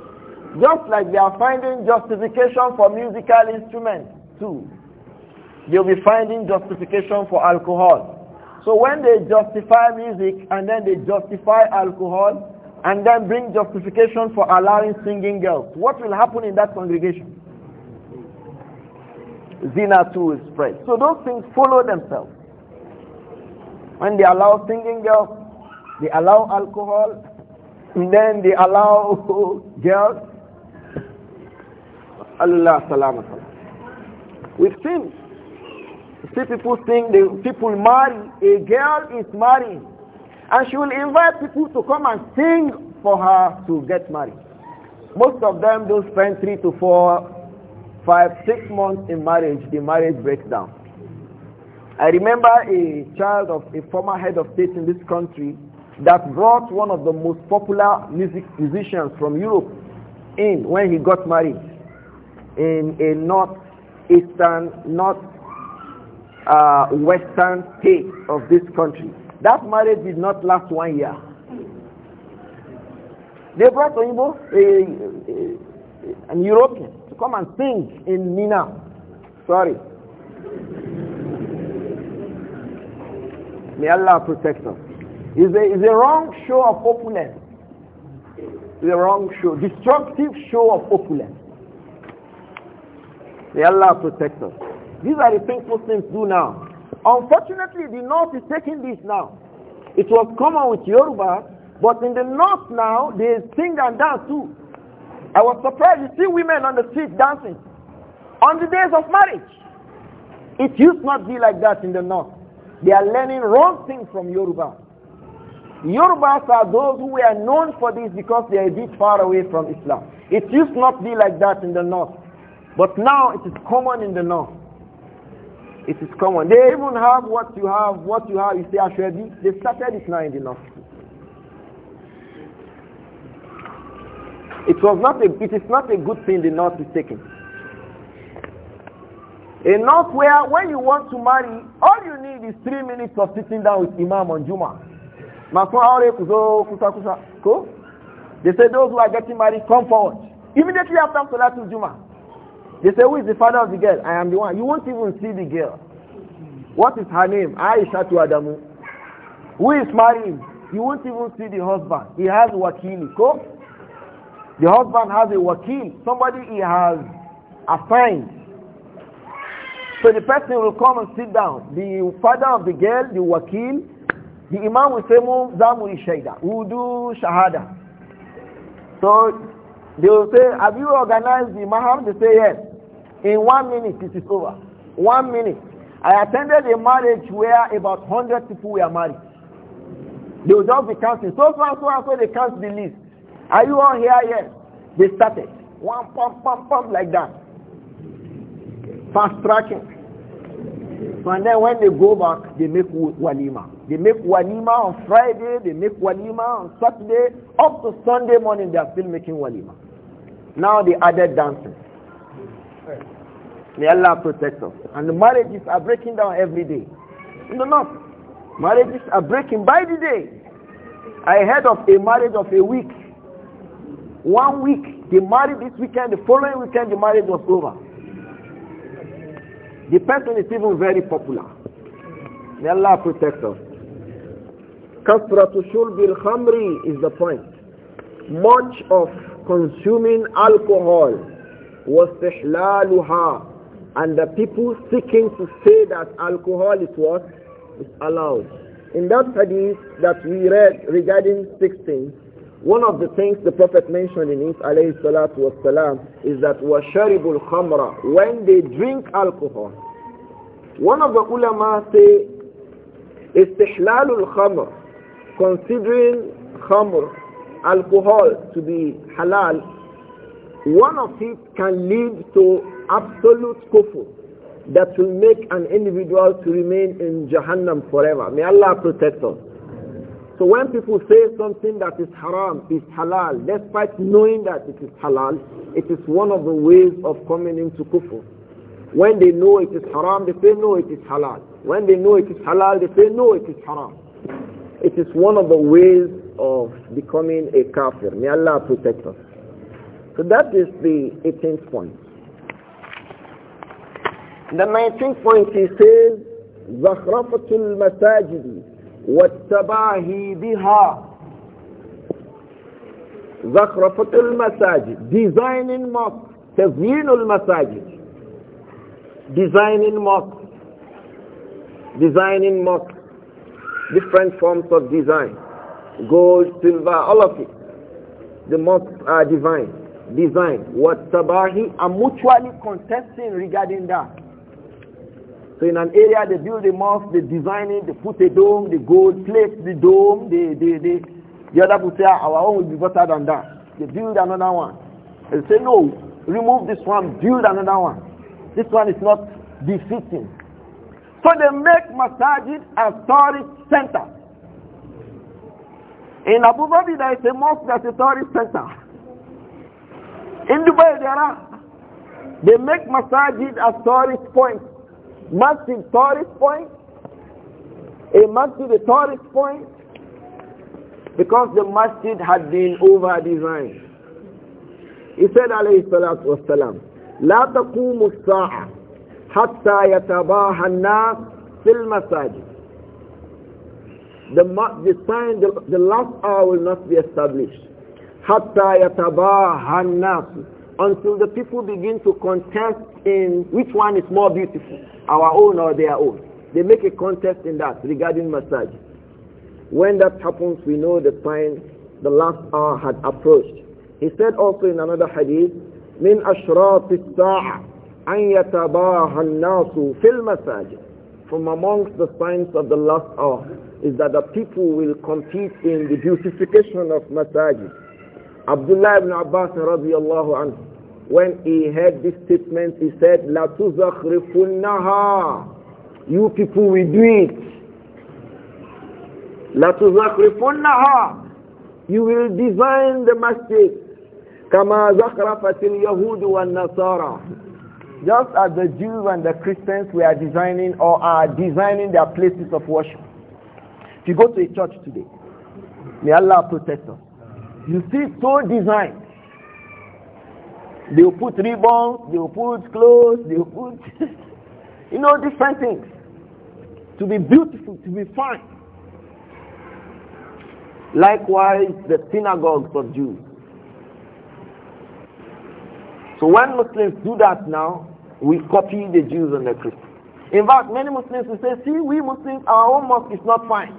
Just like they are finding justification for musical instruments too. They'll be finding justification for alcohol. So when they justify music and then they justify alcohol and then bring justification for allowing singing girls, what will happen in that congregation? Zina too is spread. So those things follow themselves. When they allow singing girls, they allow alcohol, and then they allow girls. [laughs] Allah salam. We've seen. See people think the people marry. A girl is marrying. And she will invite people to come and sing for her to get married. Most of them don't spend three to four, five, six months in marriage. The marriage breaks down. I remember a child of a former head of state in this country that brought one of the most popular music musicians from Europe in when he got married in a northeastern, north uh, western state of this country. That marriage did not last one year. They brought him a, a, an European, to come and sing in Mina. Sorry. May Allah protect us is a, is a wrong show of opulence. The wrong show, destructive show of opulence. May Allah protect us. These are the things Muslims do now. Unfortunately, the North is taking this now. It was common with Yoruba, but in the North now, they sing and dance too. I was surprised to see women on the street dancing on the days of marriage. It used not be like that in the North. They are learning wrong things from Yoruba. Yorubas are those who were known for this because they are a bit far away from Islam. It used not be like that in the north. But now it is common in the north. It is common. They even have what you have, what you have, you say Ashwebi. They started it now in the north. It was not a, it is not a good thing the north is taking. A north where when you want to marry, all you need is three minutes of sitting down with Imam on Juma kusa kusa. Ko? They say those who are getting married come forward. Immediately after Salatul Juma. They say who is the father of the girl? I am the one. You won't even see the girl. What is her name? Aisha to Adamu. Who is marrying? You won't even see the husband. He has wakil. Ko? The husband has a wakil. Somebody he has assigned. So the person will come and sit down. The father of the girl, the wakil, the imam will say, mu zamu shaida, Udu shahada. So they will say, have you organized the mahar? They say, yes. In one minute, it is over. One minute. I attended a marriage where about 100 people were married. They will just be counting. So far, so far so, they count the list. Are you all here? Yes. They started. One pump, pump, pump like that. Fast tracking. And then when they go back, they make walima. They make walima on Friday, they make walima on Saturday, up to Sunday morning they are still making walima. Now they added dancing. May Allah protect us. And the marriages are breaking down every day. In the north, marriages are breaking by the day. I heard of a marriage of a week. One week, they married this weekend, the following weekend the marriage was over. The person is even very popular. May Allah protect us shul shurbil khamri is the point. Much of consuming alcohol was ihlaluha and the people seeking to say that alcohol is what is allowed. In that hadith that we read regarding sixteen. one of the things the Prophet mentioned in it, alayhi salatu wasalam, is that washaribul khamra, when they drink alcohol. One of the ulama say, istihlalul khamr, considering khamr, alcohol to be halal, one of it can lead to absolute kufr that will make an individual to remain in Jahannam forever. May Allah protect us. So when people say something that is haram is halal, despite knowing that it is halal, it is one of the ways of coming into kufr. When they know it is haram, they say no, it is halal. When they know it is halal, they say no, it is haram. It is one of the ways of becoming a kafir. May Allah protect us. So that is the 18th point. The 19th point he says, ذخرفة المساجد والتباهي بها ذخرفة المساجد designing mosque تزيين المساجد designing mosque designing mosque different forms of design, gold, silver, all of it. The mosques are divine, design. What tabahi are mutually contesting regarding that. So in an area they build a mosque, they design it, they put a dome, they gold plate the dome, they, they, they, the other people say ah, our own will be better than that. They build another one. They say no, remove this one, build another one. This one is not befitting. So they make masajid as tourist center. In Abu Dhabi, there is a mosque that's a tourist center. In Dubai, there are. They make masajid as tourist point, Masjid tourist point. A masjid a tourist point. Because the masjid had been over-designed. He said, alayhi salatu wasalam, لا تقوم الساعة حتى يتباهى الناس في المساجد the, the sign the, the last hour will not be established حتى يتباهى الناس until the people begin to contest in which one is more beautiful our own or their own they make a contest in that regarding masajid when that happens we know the time the last hour had approached he said also in another hadith min ashraf as-sa'ah أن يتباهى nasu fil masajid From amongst the signs of the last hour is that the people will compete in the beautification of masajid. Abdullah ibn Abbas radiallahu anhu, when he heard this statement, he said, La tuzakhrifunnaha. You people will do it. La tuzakhrifunnaha. You will design the masjid. Kama zakhrafatil yahudu wa nasara. Just as the Jews and the Christians were designing or are designing their places of worship. If you go to a church today, may Allah protect us. You see, so designed. They will put ribbons, they will put clothes, they will put, [laughs] you know, different things. To be beautiful, to be fine. Likewise, the synagogues of Jews. So when Muslims do that now, we copy the Jews and the Christians. In fact, many Muslims will say, see, we Muslims, our own mosque is not fine.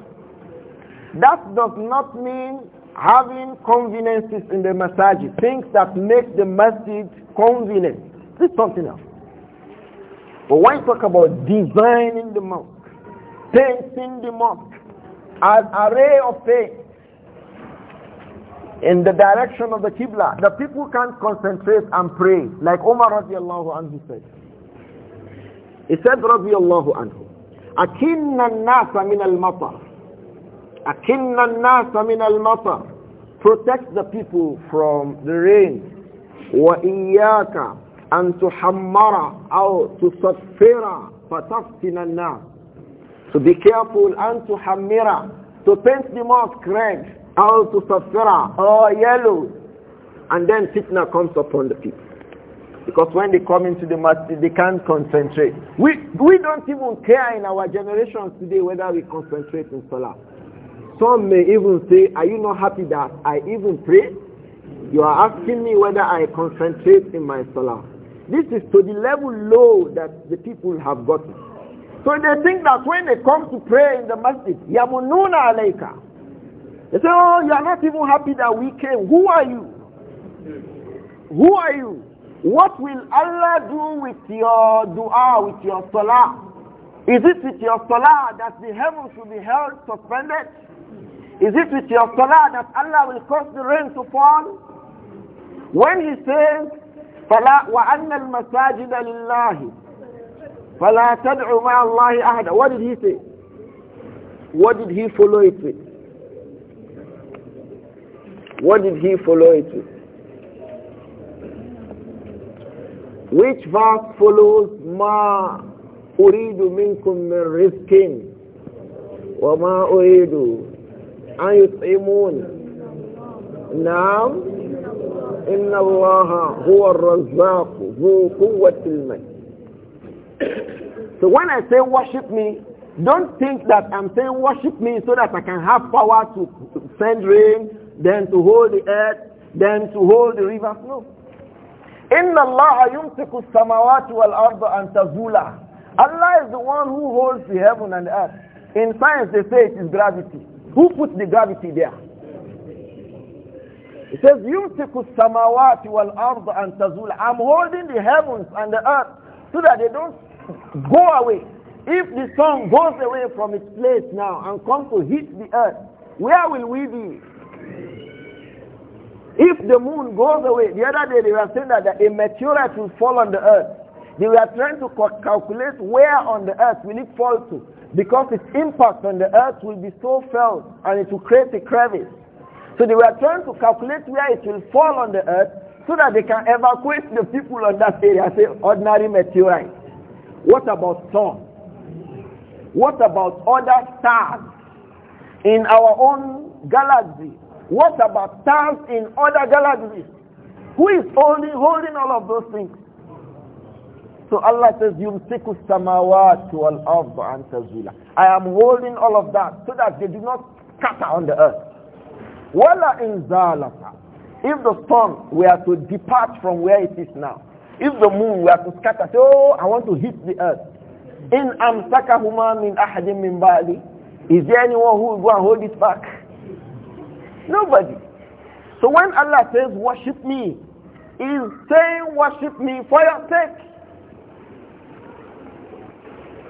That does not mean having conveniences in the masjid, things that make the masjid convenient. This is something else. But when you talk about designing the mosque, painting the mosque, an array of things, in the direction of the Qibla. The people can't concentrate and pray like Umar radiallahu anhu said. He said radiallahu anhu, أَكِنَّ النَّاسَ مِنَ الْمَطَرِ أَكِنَّ النَّاسَ مِنَ الْمَطَرِ Protect the people from the rain. وَإِيَّاكَ أَن تُحَمَّرَ أَوْ تُصَفِّرَ فَتَفْتِنَ النَّاسِ to be careful, and to تُحَمِّرَ To paint the mosque red أو تصفرة or yellow and then fitna comes upon the people because when they come into the masjid they can't concentrate we we don't even care in our generations today whether we concentrate in salah some may even say are you not happy that i even pray you are asking me whether i concentrate in my salah this is to the level low that the people have gotten so they think that when they come to pray in the masjid yamununa alayka they say, oh, you are not even happy that we came. Who are you? Who are you? What will Allah do with your dua, with your salah? Is it with your salah that the heavens will be held suspended? Is it with your salah that Allah will cause the rain to fall? When he says, فَلَا وَأَنَّ الْمَسَاجِدَ لِلَّهِ فَلَا تَدْعُ مَعَ اللَّهِ أَحَدًا What did he say? What did he follow it with? What did he follow it with? Which verse follows ma uridu minkum min rizqin wa ma uridu an yut'imun Naam inna Allah huwa ar-razzaq ذو قوة المن So when I say worship me don't think that I'm saying worship me so that I can have power to send rain then to hold the earth, then to hold the river. No. إِنَّ اللَّهَ يُمْسِكُ wal-ardha an تَزُولَا Allah is the one who holds the heaven and the earth. In science they say it is gravity. Who put the gravity there? It says, يمسك wal-ardha an أَن تَزُولَا I'm holding the heavens and the earth so that they don't go away. If the sun goes away from its place now and come to hit the earth, where will we be? If the moon goes away, the other day they were saying that, a meteorite will fall on the earth. They were trying to calculate where on the earth will it fall to because its impact on the earth will be so felt and it will create a crevice. So they were trying to calculate where it will fall on the earth so that they can evacuate the people on that area, say ordinary meteorite. What about sun? What about other stars in our own galaxy? What about stars in other galaxies? Who is holding, holding all of those things? So Allah says, يُمْسِكُ of وَالْأَرْضُ عَنْ تَزُولَ I am holding all of that so that they do not scatter on the earth. وَلَا إِنْ زَالَتَ If the sun were to depart from where it is now, if the moon were to scatter, say, oh, I want to hit the earth. In amsakahuma in ahadim min ba'li. Is there anyone who will go and hold it back? Nobody. So when Allah says, worship me, is saying worship me for your sake.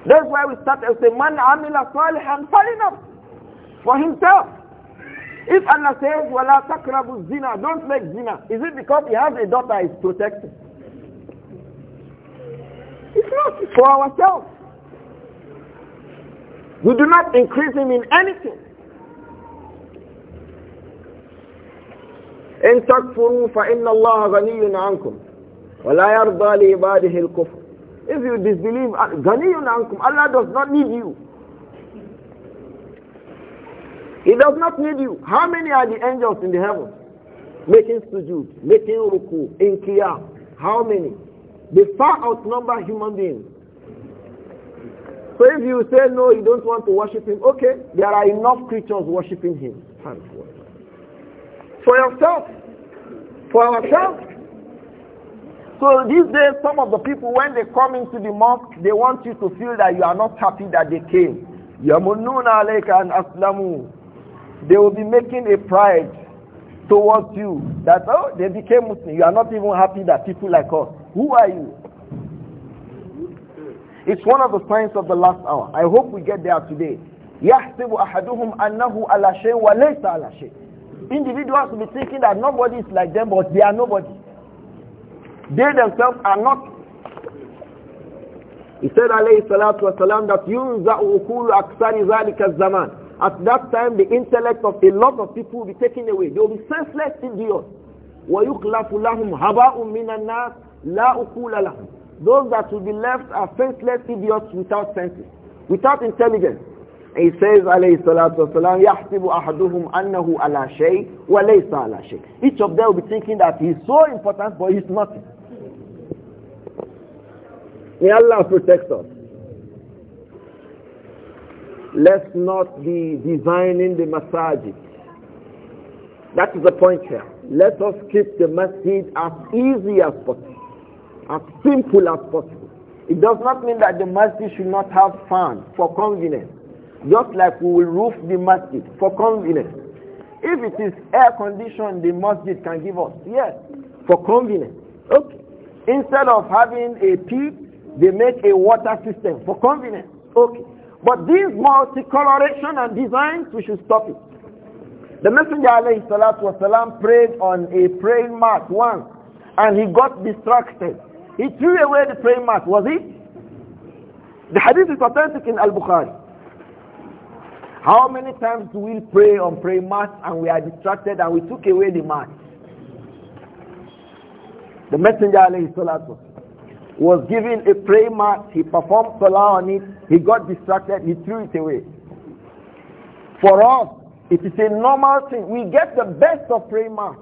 That's why we start as a man amila salihan falinaf, for himself. If Allah says, wala takrabu zina, don't make zina, is it because he has a daughter he's protected? It's not, for ourselves. We do not increase him in anything. إن تكفروا فإن الله غني عنكم ولا يرضى لعباده الكفر If you disbelieve, uh, غني عنكم Allah does not need you. He does not need you. How many are the angels in the heavens? Making sujood, making ruku, in qiyam. How many? They far outnumber human beings. So if you say no, you don't want to worship him, okay, there are enough creatures worshiping him. Thank God for yourself, for ourselves. So these days, some of the people, when they come into the mosque, they want you to feel that you are not happy that they came. Yamununa alayka and aslamu. They will be making a pride towards you that, oh, they became Muslim. You are not even happy that people like us. Who are you? It's one of the signs of the last hour. I hope we get there today. يحسب أحدهم أنه على شيء وليس على شيء individuals will be thinking that nobody is like them, but they are nobody. They themselves are not. He said, alayhi salatu wasalam, that yunza'u ukulu aksari zalika zaman. At that time, the intellect of a lot of people will be taken away. They will be senseless idiots. وَيُخْلَفُ لَهُمْ هَبَاءٌ مِّنَ النَّاسِ لَا أُقُولَ لَهُمْ Those that will be left are senseless idiots without senses, without intelligence. He says, alayhi salatu wasalam, يَحْسِبُ أَحَدُهُمْ أَنَّهُ عَلَى شَيْءٍ وَلَيْسَ عَلَى شَيْءٍ Each of them will be thinking that he's so important, but he's nothing. May Allah protect us. Let's not be designing the masajid. That is the point here. Let us keep the masjid as easy as possible, as simple as possible. It does not mean that the masjid should not have fun for convenience. Just like we will roof the masjid for convenience. If it is air conditioned, the masjid can give us. Yes, for convenience. Okay. Instead of having a pit, they make a water system for convenience. Okay. But these multicoloration and designs, we should stop it. The Messenger alayhi salatu wasalam prayed on a praying mat once and he got distracted. He threw away the praying mat. Was it? The hadith is authentic in Al-Bukhari. How many times do we pray on prayer mass and we are distracted and we took away the mass? The Messenger was given a prayer mass, he performed salah on it, he got distracted, he threw it away. For us, it is a normal thing. We get the best of prayer mass.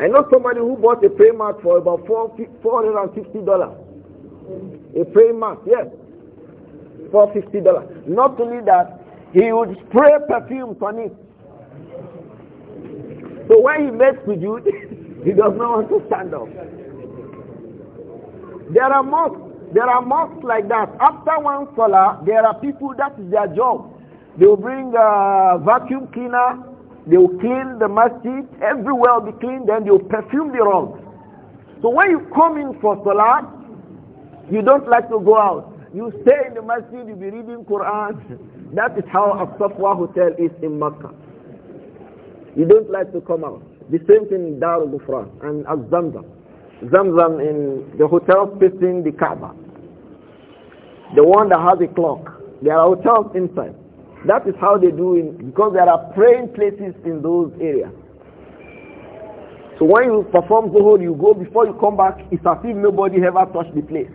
I know somebody who bought a prayer mat for about $450. A prayer mat, yes for fifty dollars. Not only that, he would spray perfume on it. So when he makes you, [laughs] he does not want to stand up. There are mosques, there are mosques like that. After one salah, there are people that is their job. They will bring a vacuum cleaner, they will clean the masjid, everywhere will be clean, then they will perfume the room. So when you come in for salah, you don't like to go out. You stay in the masjid, you be reading Quran. That is how Al-Safwa Hotel is in Mecca. You don't like to come out. The same thing in Darul Gufran and Al-Zamzam. Zamzam in the hotel facing the Kaaba. The one that has a clock. There are hotels inside. That is how they do it because there are praying places in those areas. So when you perform Zuhur, you go before you come back, it's as if nobody ever touched the place.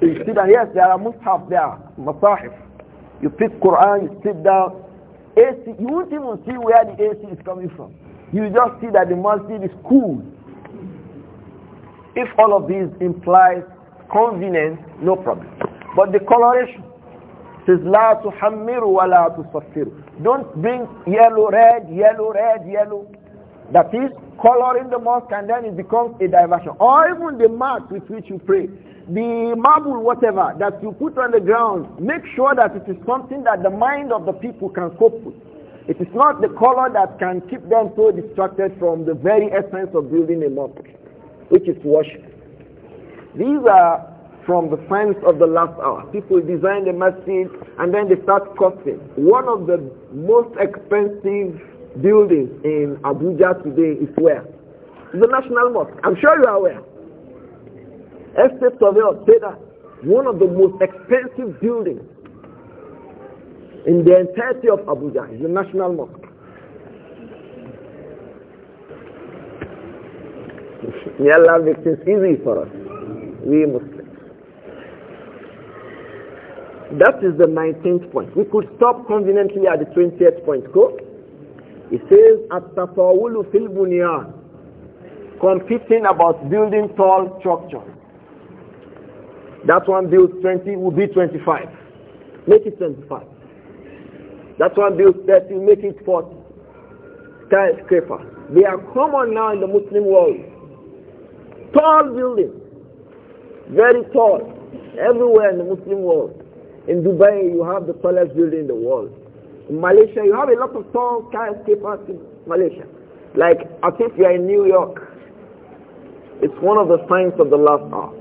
So you sit down. Yes, there are mushaf there, masahif. You pick Quran, you sit down. AC, you won't even see where the AC is coming from. You just see that the masjid is cool. If all of these implies convenience, no problem. But the coloration says, La tuhammiru wa la tusaffiru. Don't bring yellow, red, yellow, red, yellow. That is, coloring the mosque and then it becomes a diversion. Or even the mat with which you pray the marble whatever that you put on the ground make sure that it is something that the mind of the people can cope with it is not the color that can keep them so distracted from the very essence of building a mosque which is worship these are from the signs of the last hour people design the masjid and then they start costing one of the most expensive buildings in abuja today is where the national mosque i'm sure you are aware Estate surveyor said that one of the most expensive buildings in the entirety of Abuja is the National Mosque. May Allah makes things easy for us, we Muslims. That is the 19th point. We could stop conveniently at the 20th point. Go. It says, At-tafawulu fil bunyan. Competing about building tall structures. That one builds 20 will be 25. Make it 25. That one builds 30, make it 40. Skyscraper. They are common now in the Muslim world. Tall buildings. Very tall. Everywhere in the Muslim world. In Dubai, you have the tallest building in the world. In Malaysia, you have a lot of tall skyscrapers in Malaysia. Like, I if you are in New York. It's one of the signs of the last hour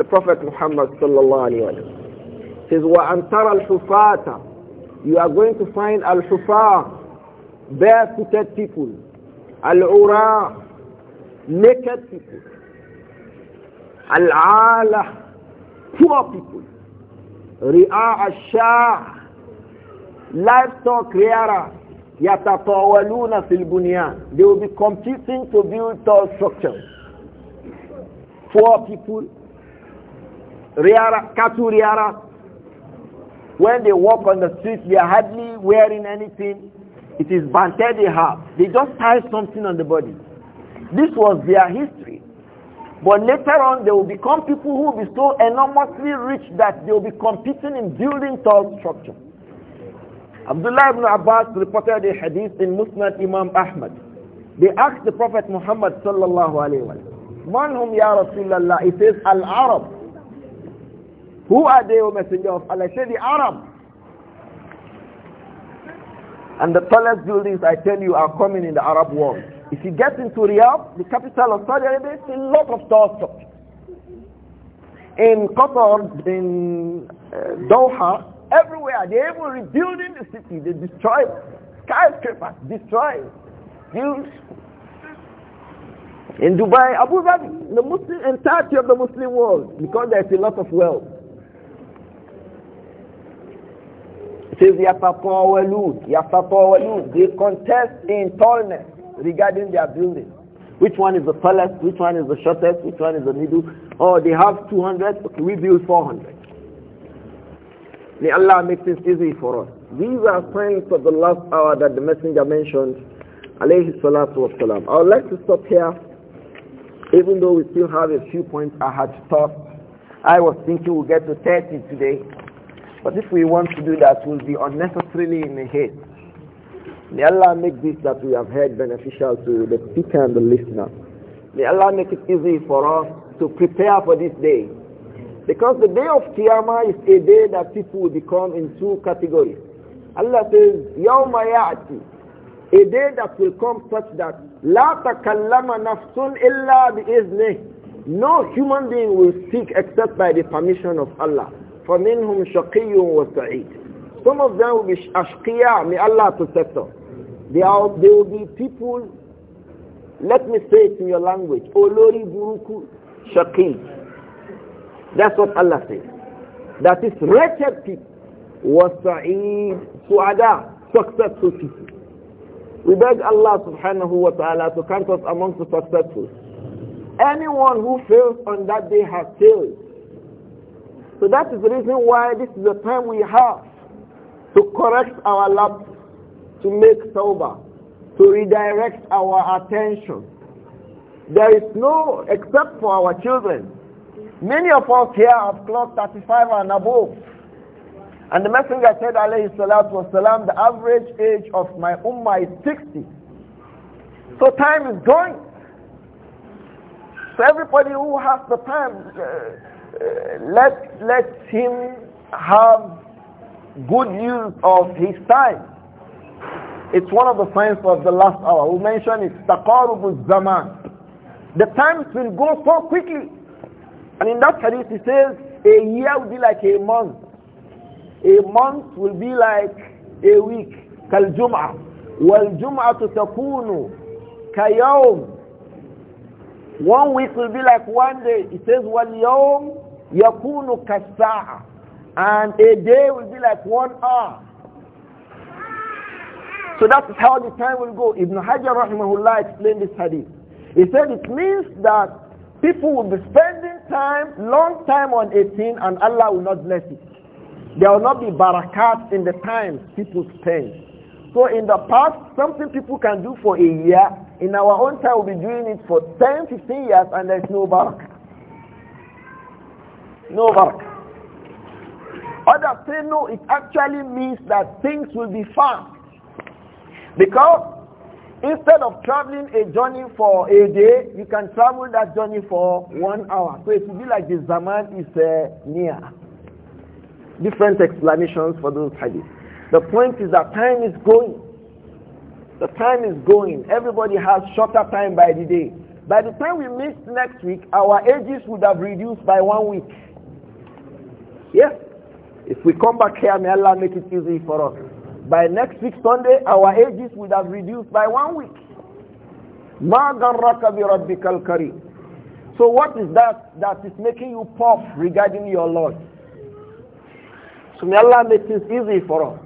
the Prophet Muhammad sallallahu alaihi wasallam says, al الْحُفَاةَ You are going to find al-hufa, barefooted people, al-ura, naked people, al-ala, poor people, ri'a al-shah, livestock rearer, yatatawaluna fil bunyan. They will be competing to build tall structures. Poor people, riara, Katu riara. When they walk on the street, they are hardly wearing anything. It is bante they have. They just tie something on the body. This was their history. But later on, they will become people who will be so enormously rich that they will be competing in building tall structures. Abdullah ibn Abbas reported a hadith in Musnad Imam Ahmad. They asked the Prophet Muhammad sallallahu alayhi wa sallam, Man hum ya Rasulallah? He says, Al-Arab. Who are they, O Messenger of Allah? say the Arab. And the tallest buildings, I tell you, are coming in the Arab world. If you get into Riyadh, the capital of Saudi Arabia, it's a lot of tall structures. In Qatar, in uh, Doha, everywhere, they're even rebuilding the city. They destroy skyscrapers, destroy build. In Dubai, Abu Dhabi, the Muslim entirety of the Muslim world, because there's a lot of wealth. says, Yatatawalun, Yatatawalun. They contest in tallness regarding their building. Which one is the tallest? Which one is the shortest? Which one is the middle? Oh, they have 200. Okay, we build 400. May Allah make this easy for us. These are signs of the last hour that the messenger mentioned. Alayhi salatu wasalam. I would like to stop here. Even though we still have a few points I had to talk. I was thinking we'll get to 30 today. But if we want to do that, we'll be unnecessarily in a hate. May Allah make this that we have heard beneficial to the speaker and the listener. May Allah make it easy for us to prepare for this day. Because the day of Qiyamah is a day that people will become in two categories. Allah says, يَوْمَ يَعْتِ A day that will come such that لَا تَكَلَّمَ نَفْسٌ إِلَّا بِإِذْنِهِ No human being will speak except by the permission of Allah. فَمِنْهُمْ شَقِيٌّ وَسَعِيدٌ Some of them will be ashqiya, may Allah protect them. They, are, they will be people, let me say it in your language, olori buruku shaqi. That's what Allah says. That is wretched people. وَسَعِيدٌ سُعَدَى Successful people. We beg Allah subhanahu wa ta'ala to count us amongst the successful. Anyone who fails on that day has failed. So that is the reason why this is the time we have to correct our laps, to make tawbah, to redirect our attention. There is no, except for our children. Many of us here have clocked 35 and above. And the Messenger said, alayhi salatu wasalam, the average age of my ummah is 60. So time is going. So everybody who has the time, uh, let let him have good use of his time. It's one of the signs of the last hour. We mentioned it, taqarub zaman. The times will go so quickly. And in that hadith he says, a year will be like a month. A month will be like a week. Kaljuma. Waljuma والجمعة takunu. كيوم One week will be like one day. It says, واليوم Yakunu kasaa, And a day will be like one hour. So that is how the time will go. Ibn Hajar rahimahullah explained this hadith. He said it means that people will be spending time, long time on a thing and Allah will not bless it. There will not be barakat in the time people spend. So in the past, something people can do for a year. In our own time, we'll be doing it for 10, 15 years and there's no barakah. No barakah. Others say no, it actually means that things will be fast. Because instead of traveling a journey for a day, you can travel that journey for one hour. So it will be like the Zaman is uh, near. Different explanations for those hadiths. The point is that time is going. The time is going. Everybody has shorter time by the day. By the time we meet next week, our ages would have reduced by one week. Yeah. If we come back here, may Allah make it easy for us. By next week, Sunday, our ages would have reduced by one week. مَا غَرَّكَ بِرَبِّكَ الْكَرِيمِ So what is that that is making you puff regarding your Lord? So may Allah make things easy for us.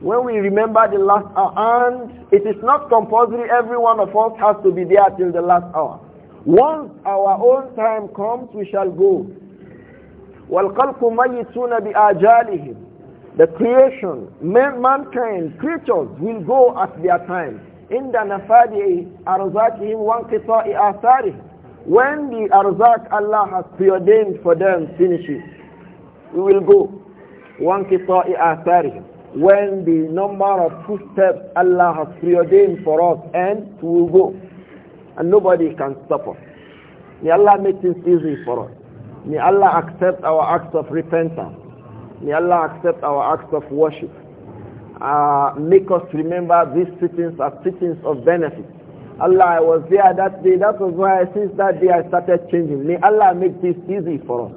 When we remember the last hour, and it is not compulsory, every one of us has to be there till the last hour. Once our own time comes, we shall go. وَالْخَلْقُ مَيِّتُونَ بِآجَالِهِمْ The creation, mankind, creatures will go at their time. عند نفاد أرزاقهم وانقطاع آثارهم When the arzak Allah has preordained for them finishes, we will go. وانقطاع آثارهم When the number of footsteps Allah has preordained for us ends, we will go. And nobody can stop us. May Allah make things easy for us. May Allah accept our acts of repentance. May Allah accept our acts of worship. Uh, make us remember these sittings as sittings of benefit. Allah, I was there that day. That was why since that day I started changing. May Allah make this easy for us.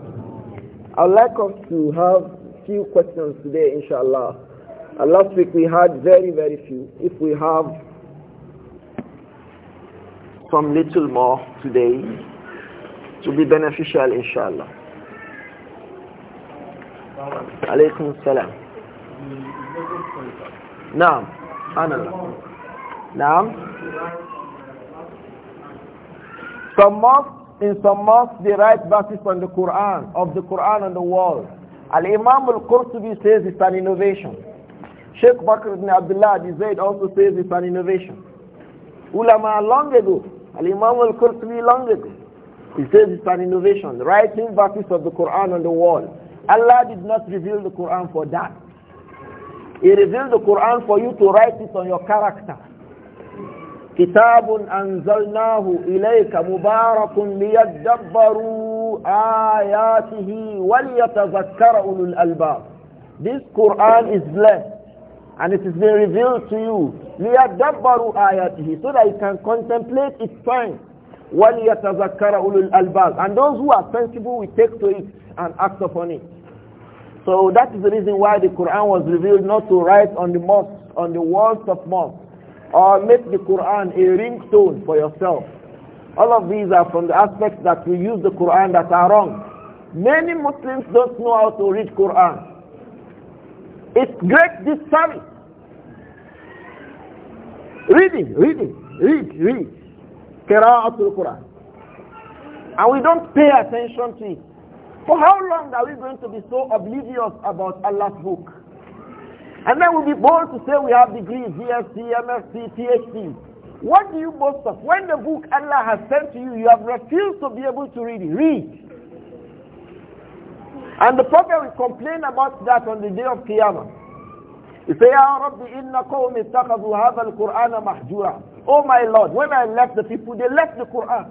I'd like us to have few questions today, inshallah. Uh, last week we had very, very few. If we have some little more today, to be beneficial inshallah. Alaykum salam. Naam. ana. Naam. Some mosques, in some mosques they write verses from the Quran, of the Quran on the wall. Al-Imam al-Qurtubi says it's an innovation. Sheikh Bakr ibn Abdullah Zayd also says it's an innovation. Ulama long ago, Al-Imam al-Qurtubi long ago, he says it's an innovation, writing verses of the Quran on the wall. Allah did not reveal the Quran for that. He revealed the Quran for you to write it on your character. كتاب أنزلناه إليك مبارك ليدبروا آياته وليتذكر أولو الألباب This Quran is blessed and it is being revealed to you so that you can contemplate its signs وَلْيَتَذَكَّرَ أُولُو الْأَلْبَابِ And those who are sensible, we take to it and act upon it. So that is the reason why the Quran was revealed not to write on the mosque, on the walls of mosques, or make the Quran a ringtone for yourself. All of these are from the aspects that we use the Quran that are wrong. Many Muslims don't know how to read Quran. It's great This disservice. Reading, reading, read, read. Qira'atul Quran. And we don't pay attention to it. For how long are we going to be so oblivious about Allah's book? And then we'll be bold to say we have degrees, DSC, MSc, PhD. What do you boast of? When the book Allah has sent to you, you have refused to be able to read it. Read. And the Prophet will complain about that on the day of Qiyamah. He say, Ya Rabbi, inna qawmi ittakhadu hadha al-Qur'ana mahjura. Oh my Lord, when I left the people, they left the Quran.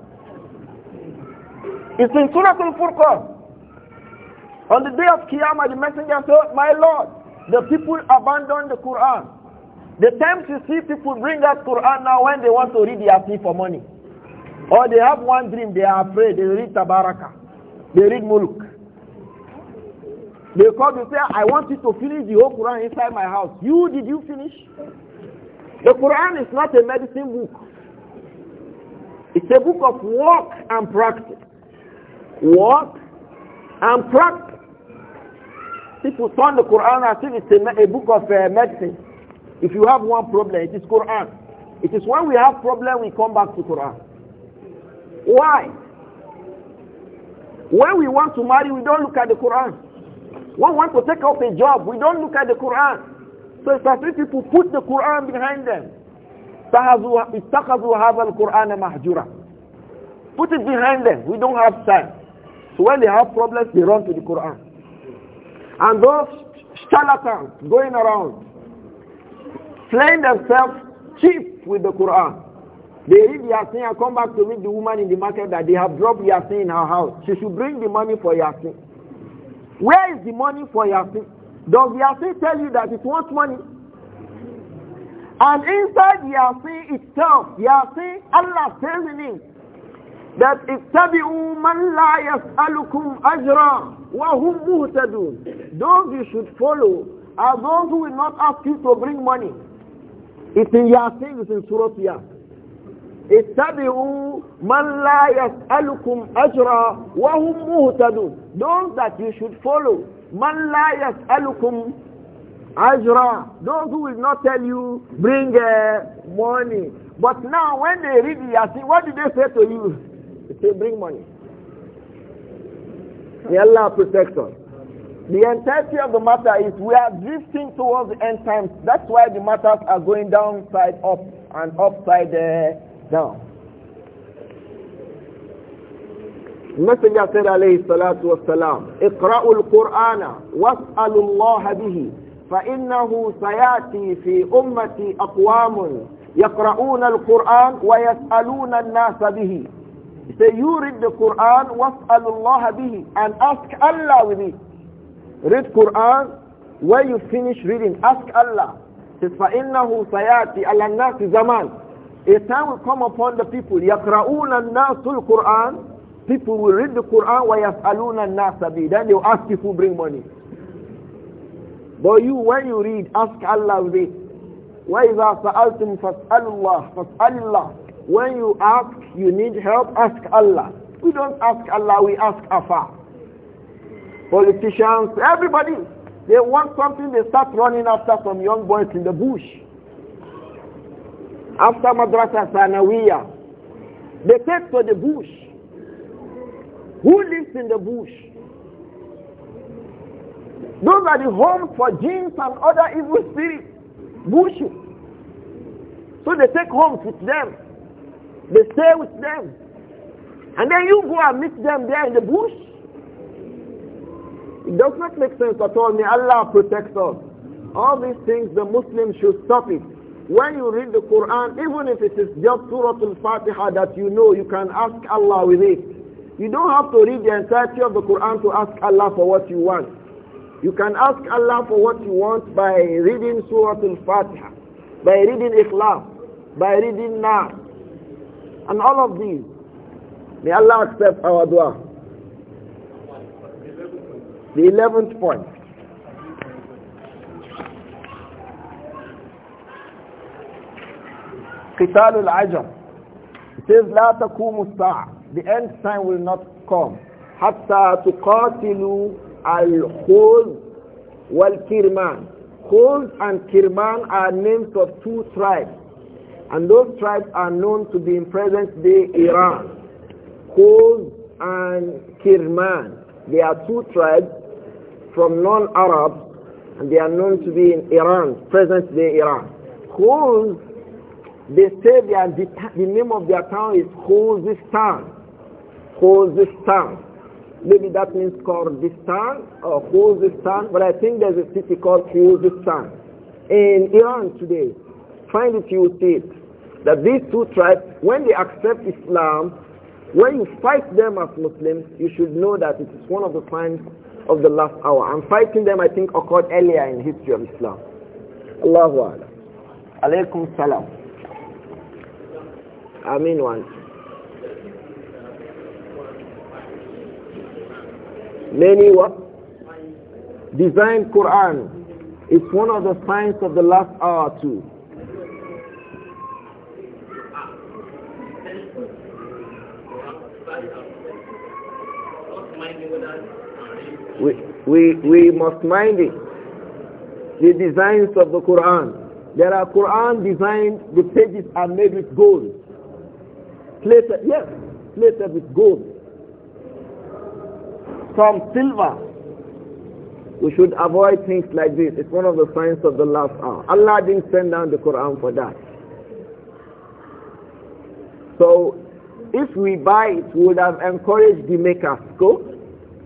It's in Surah Al-Furqan. On the day of Qiyamah, the messenger said, My Lord, the people abandon the Quran. The time to see people bring that Quran now when they want to read, the asking for money. Or they have one dream, they are afraid, they read Tabaraka. They read Muluk. They call, they say, I want you to finish the whole Quran inside my house. You, did you finish? The Quran is not a medicine book. It's a book of work and practice. Work and practice. People turn the Quran as if it's a, a book of uh, medicine. If you have one problem, it is Quran. It is when we have problem we come back to Quran. Why? When we want to marry, we don't look at the Quran. When we want to take up a job, we don't look at the Quran. So Safi people put the Quran behind them. اتخذوا هذا القرآن مهجورا. Put it behind them. We don't have time. So when they have problems, they run to the Quran. And those charlatans going around, playing themselves cheap with the Quran. They read Yasin and come back to meet the woman in the market that they have dropped Yasin in her house. She should bring the money for Yasin. Where is the money for Yasin? Does assay tell you that it wants money? And inside assay itself, assay, Allah says in it, that man la لا يسألكم wa وهم muhtadun. Those you should follow are those who will not ask you to bring money. It's in Yasin, it's in Surah Yasin. اتبعوا من لا يسألكم أجرا وهم مهتدون. Those that you should follow Man la yas'alukum ajra. Those who will not tell you, bring uh, money. But now when they read the Yasin, what do they say to you? They say, bring money. May Allah protect us. The entirety of the matter is we are drifting towards the end times. That's why the matters are going downside up and upside uh, down. مثل ياسر عليه الصلاة والسلام اقرأوا القرآن واسألوا الله به فإنه سيأتي في أمتي أقوام يقرؤون القرآن ويسألون الناس به سيورد القرآن واسأل الله به and ask Allah with it read Quran when you finish reading ask Allah says فإنه سيأتي على الناس زمان a time will come upon the people يقرؤون الناس القرآن people will read the Quran وَيَسْأَلُونَ nasa bi. Then they'll ask if you bring money. But you, when you read, ask Allah bi. Wa وَإِذَا سَأَلْتُمْ فَاسْأَلُ اللَّهِ فَاسْأَلُ When you ask, you need help, ask Allah. We don't ask Allah, we ask Afa. Politicians, everybody, they want something, they start running after some young boys in the bush. After Madrasa Sanawiya, they take to the bush. Who lives in the bush? Those are the home for jinns and other evil spirits. bush. So they take homes with them. They stay with them. And then you go and meet them there in the bush. It does not make sense at all. May Allah protect us. All these things the Muslims should stop it. When you read the Quran, even if it is just Surah Al-Fatiha that you know, you can ask Allah with it. You don't have to read the entirety of the Quran to ask Allah for what you want. You can ask Allah for what you want by reading Surah Al-Fatiha, by reading Ikhlas, by reading Nas, and all of these. May Allah accept our dua. The 11th point. قتال العجم. It says لا تقوم الساعة the end time will not come. al تقاتلوا wal Kirman. Khuz and Kirman are names of two tribes. And those tribes are known to be in present day Iran. Khuz and Kirman. They are two tribes from non-Arabs and they are known to be in Iran, present day Iran. Khuz, they say their, the, the name of their town is Khuzistan. Khuzestan. Maybe that means Kurdistan or Khuzestan, but I think there's a city called Khuzestan. In Iran today, find it, you will see it. That these two tribes, when they accept Islam, when you fight them as Muslims, you should know that it is one of the signs of the last hour. And fighting them, I think, occurred earlier in history of Islam. Allahu Akbar. Alaykum salam. Amin one. Many what? design Quran. It's one of the signs of the last hour too. We, we, we must mind it. The designs of the Quran. There are Quran designed, the pages are made with gold. Plated, yes, plated with gold. From silver. We should avoid things like this. It's one of the signs of the last hour. Allah didn't send down the Quran for that. So if we buy it, we would have encouraged the makers go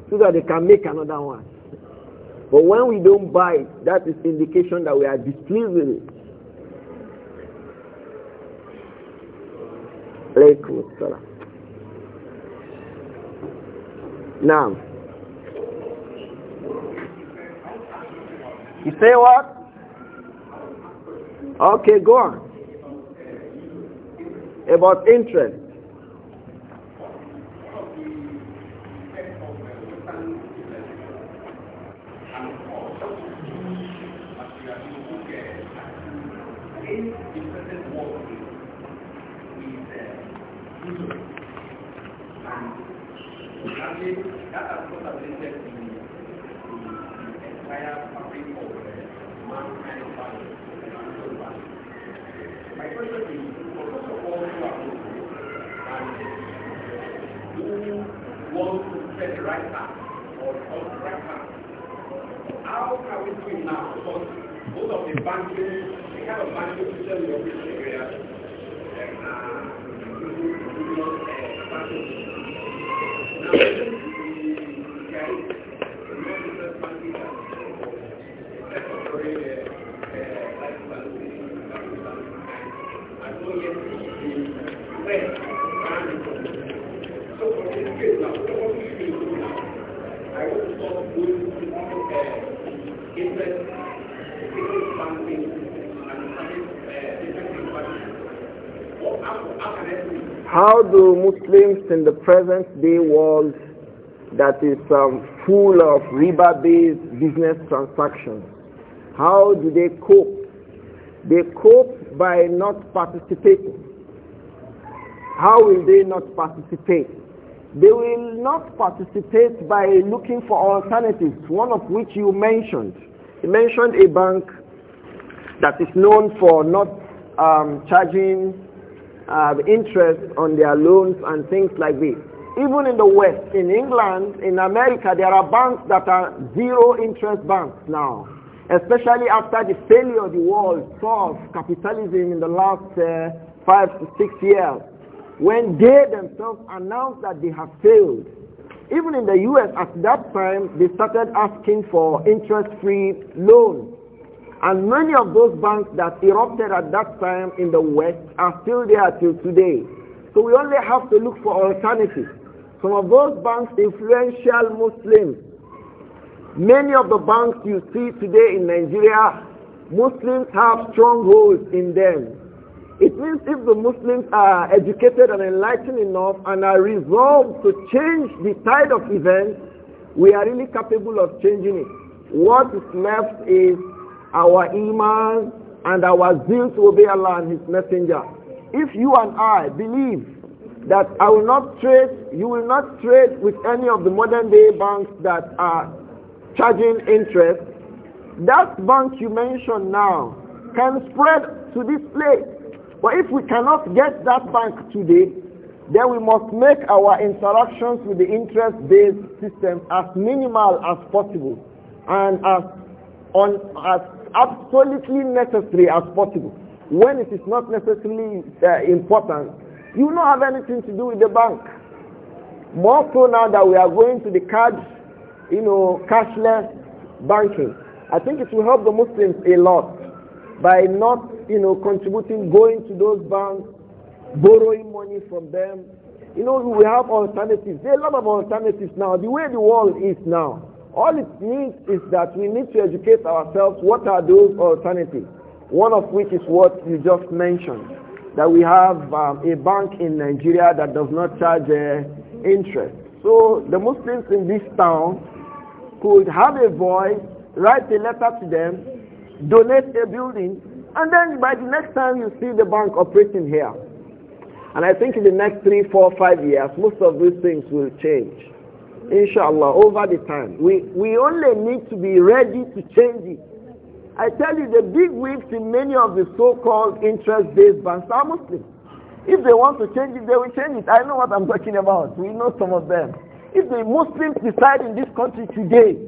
so that they can make another one. But when we don't buy it, that is indication that we are displeased with it. Now, You say what? Okay, go on. About interest. banking, they have a banking system in every area. And, uh, How do Muslims in the present day world that is um, full of riba-based business transactions, how do they cope? They cope by not participating. How will they not participate? They will not participate by looking for alternatives, one of which you mentioned. You mentioned a bank that is known for not um, charging uh, interest on their loans and things like this. Even in the West, in England, in America, there are banks that are zero interest banks now, especially after the failure of the world of capitalism in the last uh, five to six years, when they themselves announced that they have failed. Even in the US at that time, they started asking for interest-free loans and many of those banks that erupted at that time in the West are still there till today. So we only have to look for alternatives. Some of those banks, influential Muslims. Many of the banks you see today in Nigeria, Muslims have strongholds in them. It means if the Muslims are educated and enlightened enough and are resolved to change the tide of events, we are really capable of changing it. What is left is our iman and our zeal to obey Allah and His Messenger. If you and I believe that I will not trade, you will not trade with any of the modern day banks that are charging interest, that bank you mentioned now can spread to this place. But if we cannot get that bank today, then we must make our interactions with the interest-based system as minimal as possible and as, on, as absolutely necessary as possible. When it is not necessarily uh, important, you don't have anything to do with the bank. More so now that we are going to the cards, you know, cashless banking. I think it will help the Muslims a lot by not, you know, contributing, going to those banks, borrowing money from them. You know, we have alternatives. There are a lot of alternatives now. The way the world is now, all it means is that we need to educate ourselves what are those alternatives, one of which is what you just mentioned, that we have um, a bank in Nigeria that does not charge uh, interest. So the Muslims in this town could have a voice, write a letter to them, donate a building, and then by the next time you see the bank operating here. And I think in the next three, four, five years, most of these things will change. Inshallah, over the time. We, we only need to be ready to change it. I tell you, the big wigs in many of the so-called interest-based banks are Muslims. If they want to change it, they will change it. I know what I'm talking about. We know some of them. If the Muslims decide in this country today,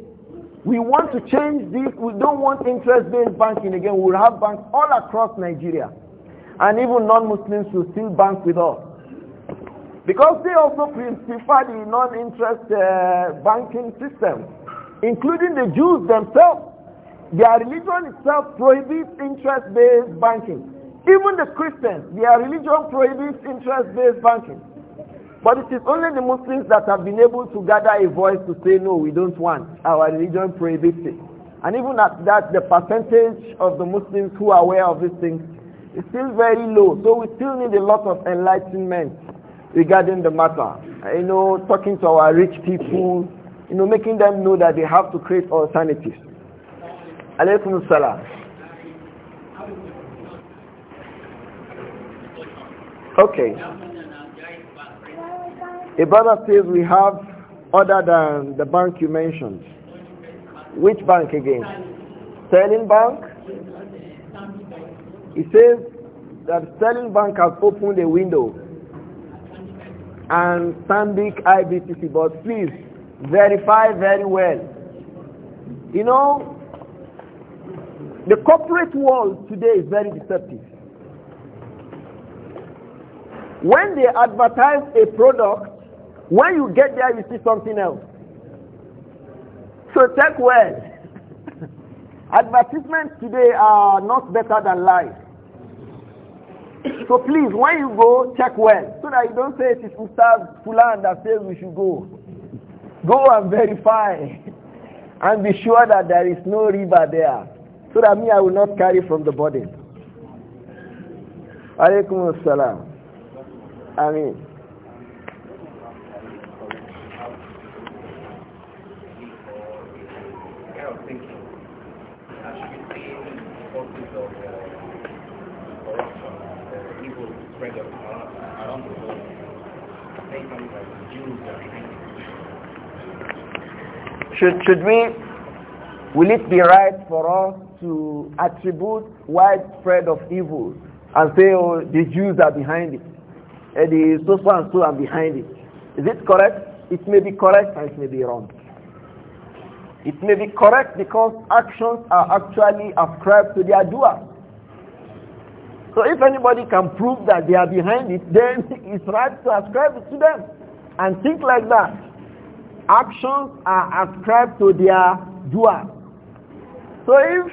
we want to change this, we don't want interest-based banking again. We'll have banks all across Nigeria. And even non-Muslims will still bank with us. Because they also prefer the non-interest uh, banking system, including the Jews themselves. Their religion itself prohibits interest-based banking. Even the Christians, their religion prohibits interest-based banking. But it is only the Muslims that have been able to gather a voice to say, no, we don't want. Our religion prohibits it. And even at that, the percentage of the Muslims who are aware of these things is still very low. So we still need a lot of enlightenment regarding the matter. You know, talking to our rich people, you know, making them know that they have to create alternatives. Alaykum salam. Okay. A brother says we have other than the bank you mentioned. Which bank again? Sterling Bank? He says that Sterling Bank has opened a window and Stanbic IBTC. But please verify very well. You know, the corporate world today is very deceptive. When they advertise a product, when you get there, you see something else. So take well. [laughs] Advertisements today are not better than lies. So please, when you go, check well, so that you don't say it is Ustaz Fulan that says we should go. Go and verify [laughs] and be sure that there is no river there, so that me I will not carry from the body. Alaykum as-salam. Ameen. Should, should we, will it be right for us to attribute widespread of evil and say, oh, the Jews are behind it, and the so and so are behind it? Is it correct? It may be correct and it may be wrong. It may be correct because actions are actually ascribed to their doer. So if anybody can prove that they are behind it, then [laughs] it's right to ascribe it to them and think like that actions are ascribed to their doer. So if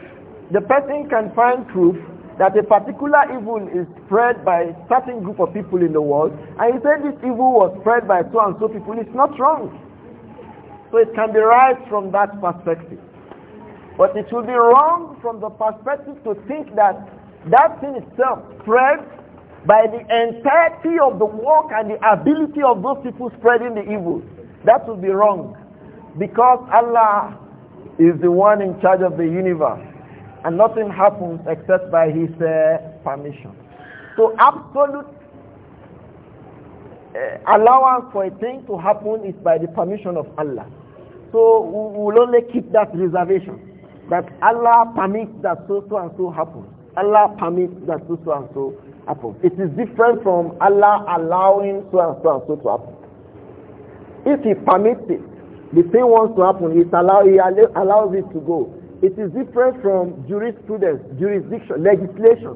the person can find proof that a particular evil is spread by a certain group of people in the world, and he said this evil was spread by so and so people, it's not wrong. So it can be right from that perspective. But it will be wrong from the perspective to think that that thing itself spread by the entirety of the work and the ability of those people spreading the evil. That would be wrong because Allah is the one in charge of the universe and nothing happens except by his uh, permission. So absolute uh, allowance for a thing to happen is by the permission of Allah. So we will only keep that reservation that Allah permits that so so and so happens. Allah permits that so so and so happens. It is different from Allah allowing so and so and so to happen. If he permits it, the thing wants to happen, it allow, he allows it to go. It is different from jurisprudence, jurisdiction, legislation.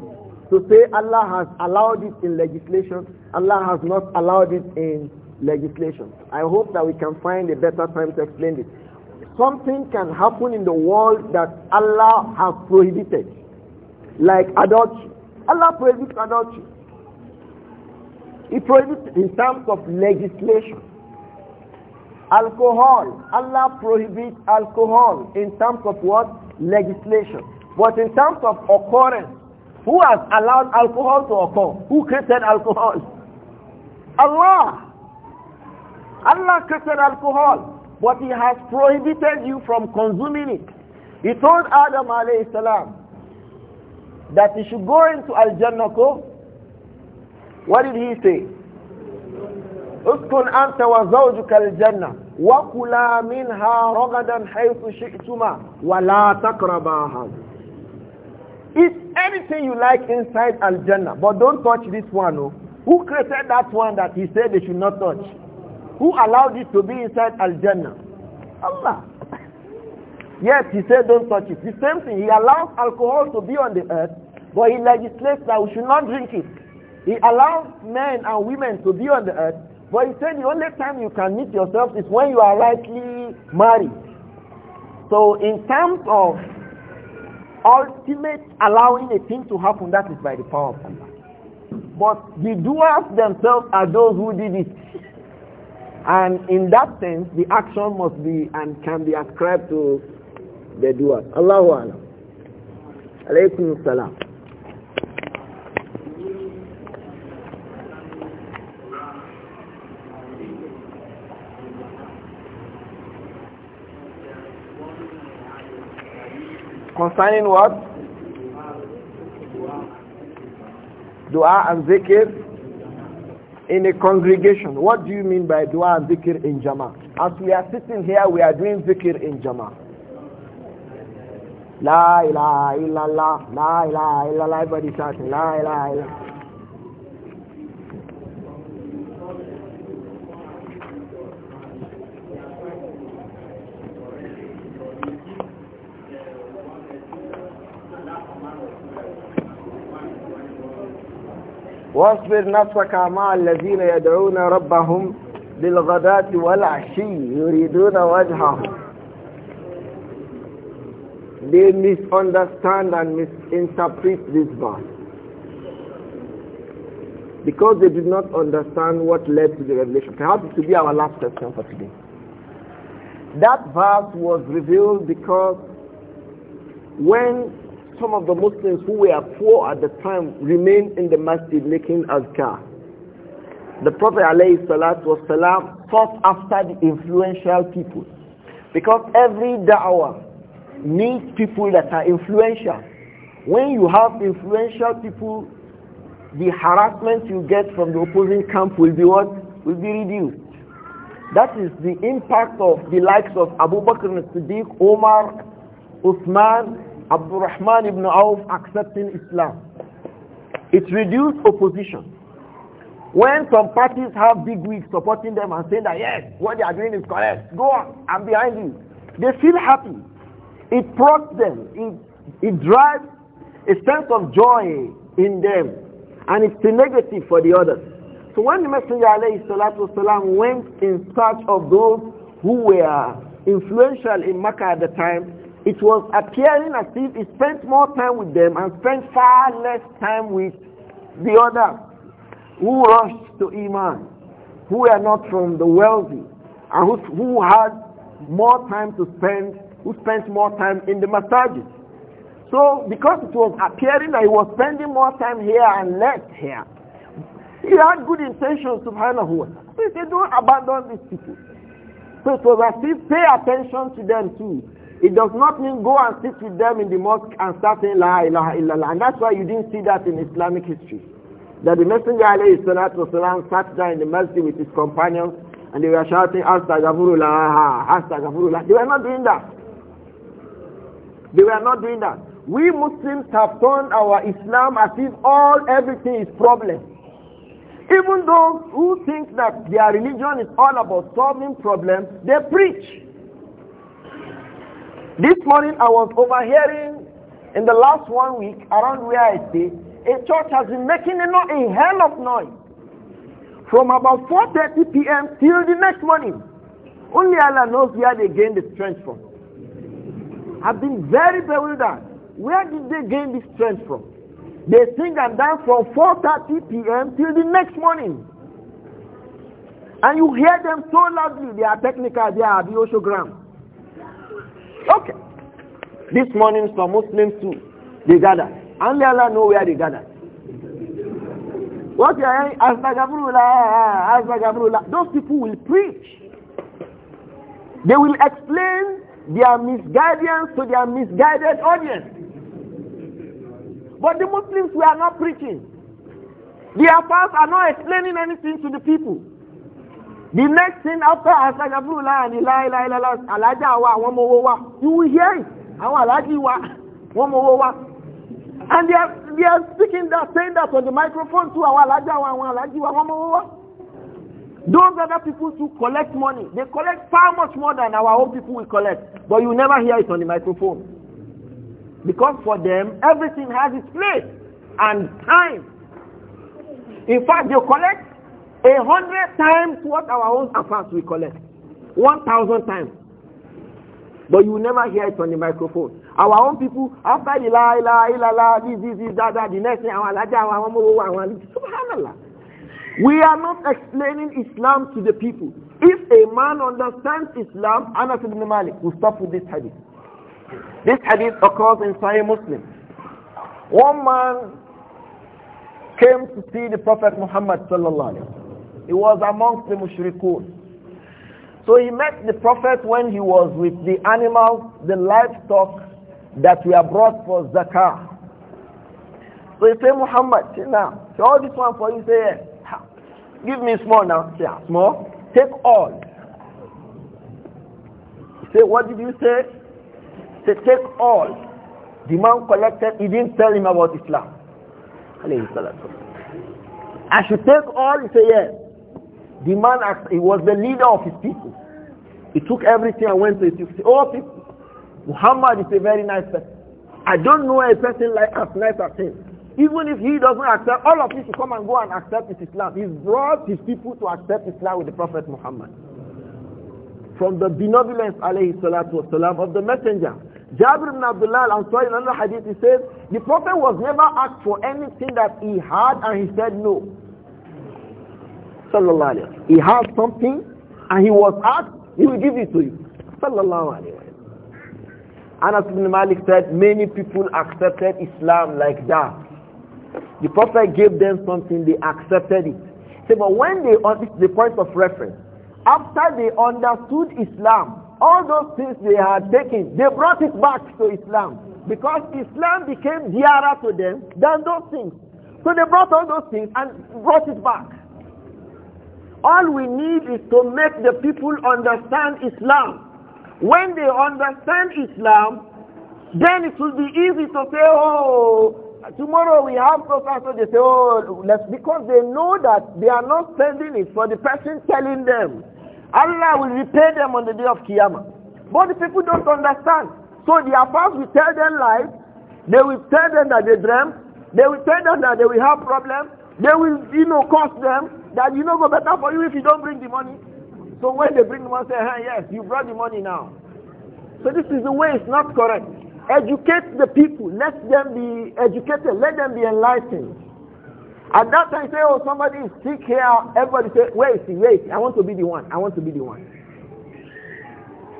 To say Allah has allowed it in legislation, Allah has not allowed it in legislation. I hope that we can find a better time to explain this. Something can happen in the world that Allah has prohibited, like adultery. Allah prohibits adultery. He prohibits in terms of legislation. Alcohol. Allah prohibits alcohol in terms of what? Legislation. But in terms of occurrence, who has allowed alcohol to occur? Who created alcohol? Allah. Allah created alcohol, but He has prohibited you from consuming it. He told Adam alayhi salam that he should go into Al-Jannah What did he say? Uskun anta wa zawjuka al-jannah. وَكُلَا مِنْهَا رَغَدًا حَيْثُ شِئْتُمَا وَلَا تَقْرَبَا Eat anything you like inside Al-Jannah, but don't touch this one. Oh. Who created that one that he said they should not touch? Who allowed it to be inside Al-Jannah? Allah. Yes, he said don't touch it. The same thing, he allows alcohol to be on the earth, but he legislates that we should not drink it. He allows men and women to be on the earth, but he said the only time you can meet yourself is when you are rightly married. So in terms of ultimate allowing a thing to happen, that is by the power of Allah. But the doers themselves are those who did it. And in that sense, the action must be and can be ascribed to the doers. Allahu Alam. Alaykum Salam. Concerning what? Dua and zikr in a congregation. What do you mean by dua and zikr in jama? As we are sitting here, we are doing zikr in jama. La ilaha illallah, la ilaha illallah, everybody shouting la ilaha illallah. واصبر نفسك مع الذين يدعون ربهم بالغداة والعشي يريدون وجهه They misunderstand and misinterpret this verse. Because they did not understand what led to the revelation. Perhaps it will be our last question for today. That verse was revealed because when some of the Muslims who were poor at the time remained in the masjid making azkar. The Prophet والسلام, sought after the influential people because every da'wah needs people that are influential. When you have influential people, the harassment you get from the opposing camp will be what? Will be reduced. That is the impact of the likes of Abu Bakr as siddiq Omar, Uthman, Abdurrahman ibn Auf accepting Islam. It reduced opposition. When some parties have big wigs supporting them and saying that yes, what they are doing is correct, go on, I'm behind you. They feel happy. It prods them. It, it drives a sense of joy in them. And it's a negative for the others. So when the Messenger والسلام, went in search of those who were influential in Makkah at the time, it was appearing as if he spent more time with them and spent far less time with the others who rushed to Iman, who were not from the wealthy, and who, who had more time to spend, who spent more time in the masajid. So because it was appearing that he was spending more time here and less here, he had good intentions, subhanahu wa ta'ala. He said, don't abandon these people. So it was as if pay attention to them too. It does not mean go and sit with them in the mosque and start saying La ilaha illallah. And that's why you didn't see that in Islamic history. That the Messenger alayhi salatu sat down in the mosque with his companions and they were shouting, Astagfirullah, Astagfirullah. They were not doing that. They were not doing that. We Muslims have turned our Islam as if all everything is problem. Even those who think that their religion is all about solving problems, they preach. This morning I was overhearing in the last one week around where I stay, a church has been making a, a hell of noise from about 4.30 p.m. till the next morning. Only Allah knows where they gained the strength from. I've been very bewildered. Where did they gain this strength from? They sing and dance from 4.30 p.m. till the next morning. And you hear them so loudly, they are technical, they are abiosogram. Okay. This morning some Muslims too, they gather. And they Allah know where they gather. What you are Astagfirullah, Astagfirullah. Those people will preach. They will explain their misguidance to their misguided audience. But the Muslims, we are not preaching. Their fast are not explaining anything to the people. The next thing after Asagafurula and Ilaha Ilaha Ilaha Alaja wa, one more, owó wa, you will hear it. Àwọn Alaji wa, one more. wa. And they are, they are speaking that, saying that on the microphone too, àwọn Alaja wa, àwọn Alaji wa, wọ́n mọ wa. Those other people too collect money. They collect far much more than our own people will collect. But you never hear it on the microphone. Because for them, everything has its place and time. In fact, they collect a hundred times what our own affairs we collect. One thousand times. But you never hear it on the microphone. Our own people, after the la la la la, this, this, this, that, that, the next thing, our laja, our mama, our subhanallah. We are not explaining Islam to the people. If a man understands Islam, Anas ibn Malik, will stop with this hadith. This hadith occurs in Sahih Muslim. One man came to see the Prophet Muhammad sallallahu alaihi wasallam. He was amongst the mushrikun. So he met the Prophet when he was with the animals, the livestock that we have brought for zakah. So he said, Muhammad, now, all this one for you, say, give me small now. yeah small? Take all. He said, what did you say? He said, take all. The man collected, he didn't tell him about Islam. I should take all? He said, yes. The man asked, he was the leader of his people. He took everything and went to his people. Oh, people, Muhammad is a very nice person. I don't know a person like as nice as him. Even if he doesn't accept, all of you should come and go and accept his Islam. he brought his people to accept Islam with the Prophet Muhammad. From the benevolence, alayhi salatu wasalam, of the messenger. Jabir ibn Abdullah al-Ansari in another hadith, he says, the Prophet was never asked for anything that he had and he said no sallallahu alayhi wa He had something and he was asked, he will give it to you. Sallallahu alayhi wa Anas ibn Malik said, many people accepted Islam like that. The Prophet gave them something, they accepted it. See, but when they, uh, the point of reference, after they understood Islam, all those things they had taken, they brought it back to Islam. Because Islam became dearer to them than those things. So they brought all those things and brought it back. All we need is to make the people understand Islam. When they understand Islam, then it will be easy to say, oh, tomorrow we have so so. They say, oh, let's, because they know that they are not spending it for the person telling them. Allah will repay them on the day of Qiyamah. But the people don't understand. So the Abbas will tell them lies. They will tell them that they dream. They will tell them that they will have problems. They will, you know, cost them that you know go better for you if you don't bring the money. So when they bring the money, say, hey, yes, you brought the money now. So this is the way it's not correct. Educate the people. Let them be educated. Let them be enlightened. At that time, say, oh, somebody is sick here. Everybody say, wait, wait, I want to be the one. I want to be the one.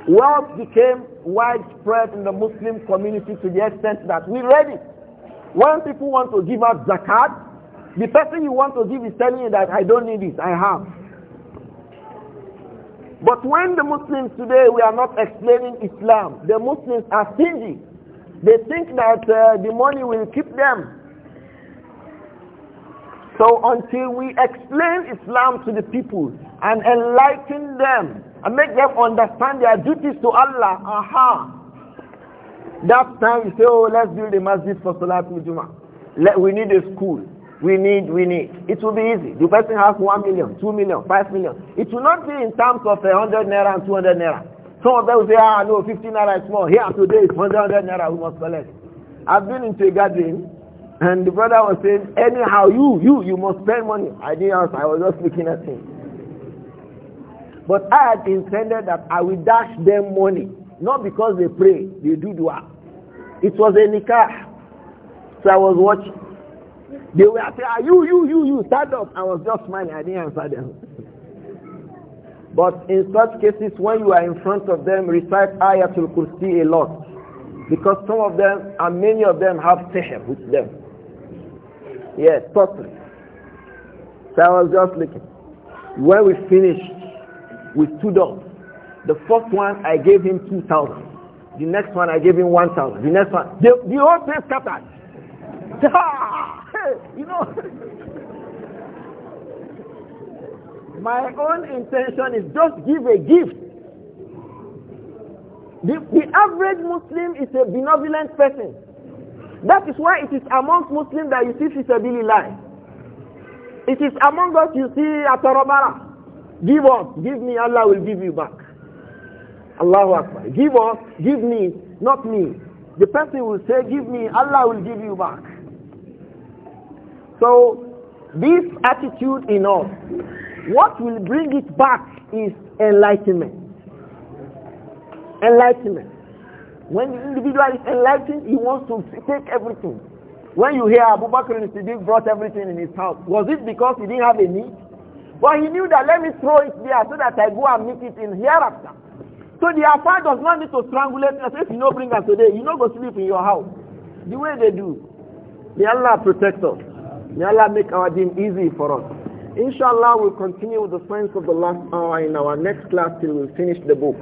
Wealth became widespread in the Muslim community to the extent that we read it. When people want to give out zakat, the person you want to give is telling you that I don't need this, I have. But when the Muslims today, we are not explaining Islam, the Muslims are stingy. They think that uh, the money will keep them. So until we explain Islam to the people and enlighten them and make them understand their duties to Allah, aha, that time you say, oh, let's build a masjid for Salatul Jummah. We need a school we need, we need. It will be easy. The person has 1 million, 2 million, 5 million. It will not be in terms of 100 naira and 200 naira. Some of them will say, ah, no, 15 naira is more. Here today is 100 naira, we must collect. I've been into a gathering, and the brother was saying, anyhow, you, you, you must spend money. I didn't answer, I was just looking at him. But I had intended that I will dash them money. Not because they pray, they do dua. It was a nikah. So I was watching. They were saying, ah, you, you, you, you, stand up. I was just smiling. I didn't answer them. But in such cases, when you are in front of them, recite Ayatul Kursi a lot. Because some of them, and many of them, have sihr with them. Yes, totally. So I was just looking. When we finished, we stood up. The first one, I gave him 2,000. The next one, I gave him 1,000. The next one, the, the whole place scattered. [laughs] you know, my own intention is just give a gift. The, the average Muslim is a benevolent person. That is why it is amongst Muslims that you see Fisabilillah. It is among us you see Atarabara. Give us, give me, Allah will give you back. Allahu Akbar. Give us, give me, not me. The person will say, give me, Allah will give you back. So this attitude in us, what will bring it back is enlightenment. Enlightenment. When the individual is enlightened, he wants to take everything. When you hear Abu Bakr al-Siddiq brought everything in his house, was it because he didn't have a need? But he knew that let me throw it there so that I go and meet it in hereafter. So the affair does not need to strangulate us. If you not bring us today, you not go sleep in your house. The way they do. May Allah protect us. May Allah make our deen easy for us. Inshallah, we'll continue with the science of the last hour in our next class till we finish the book.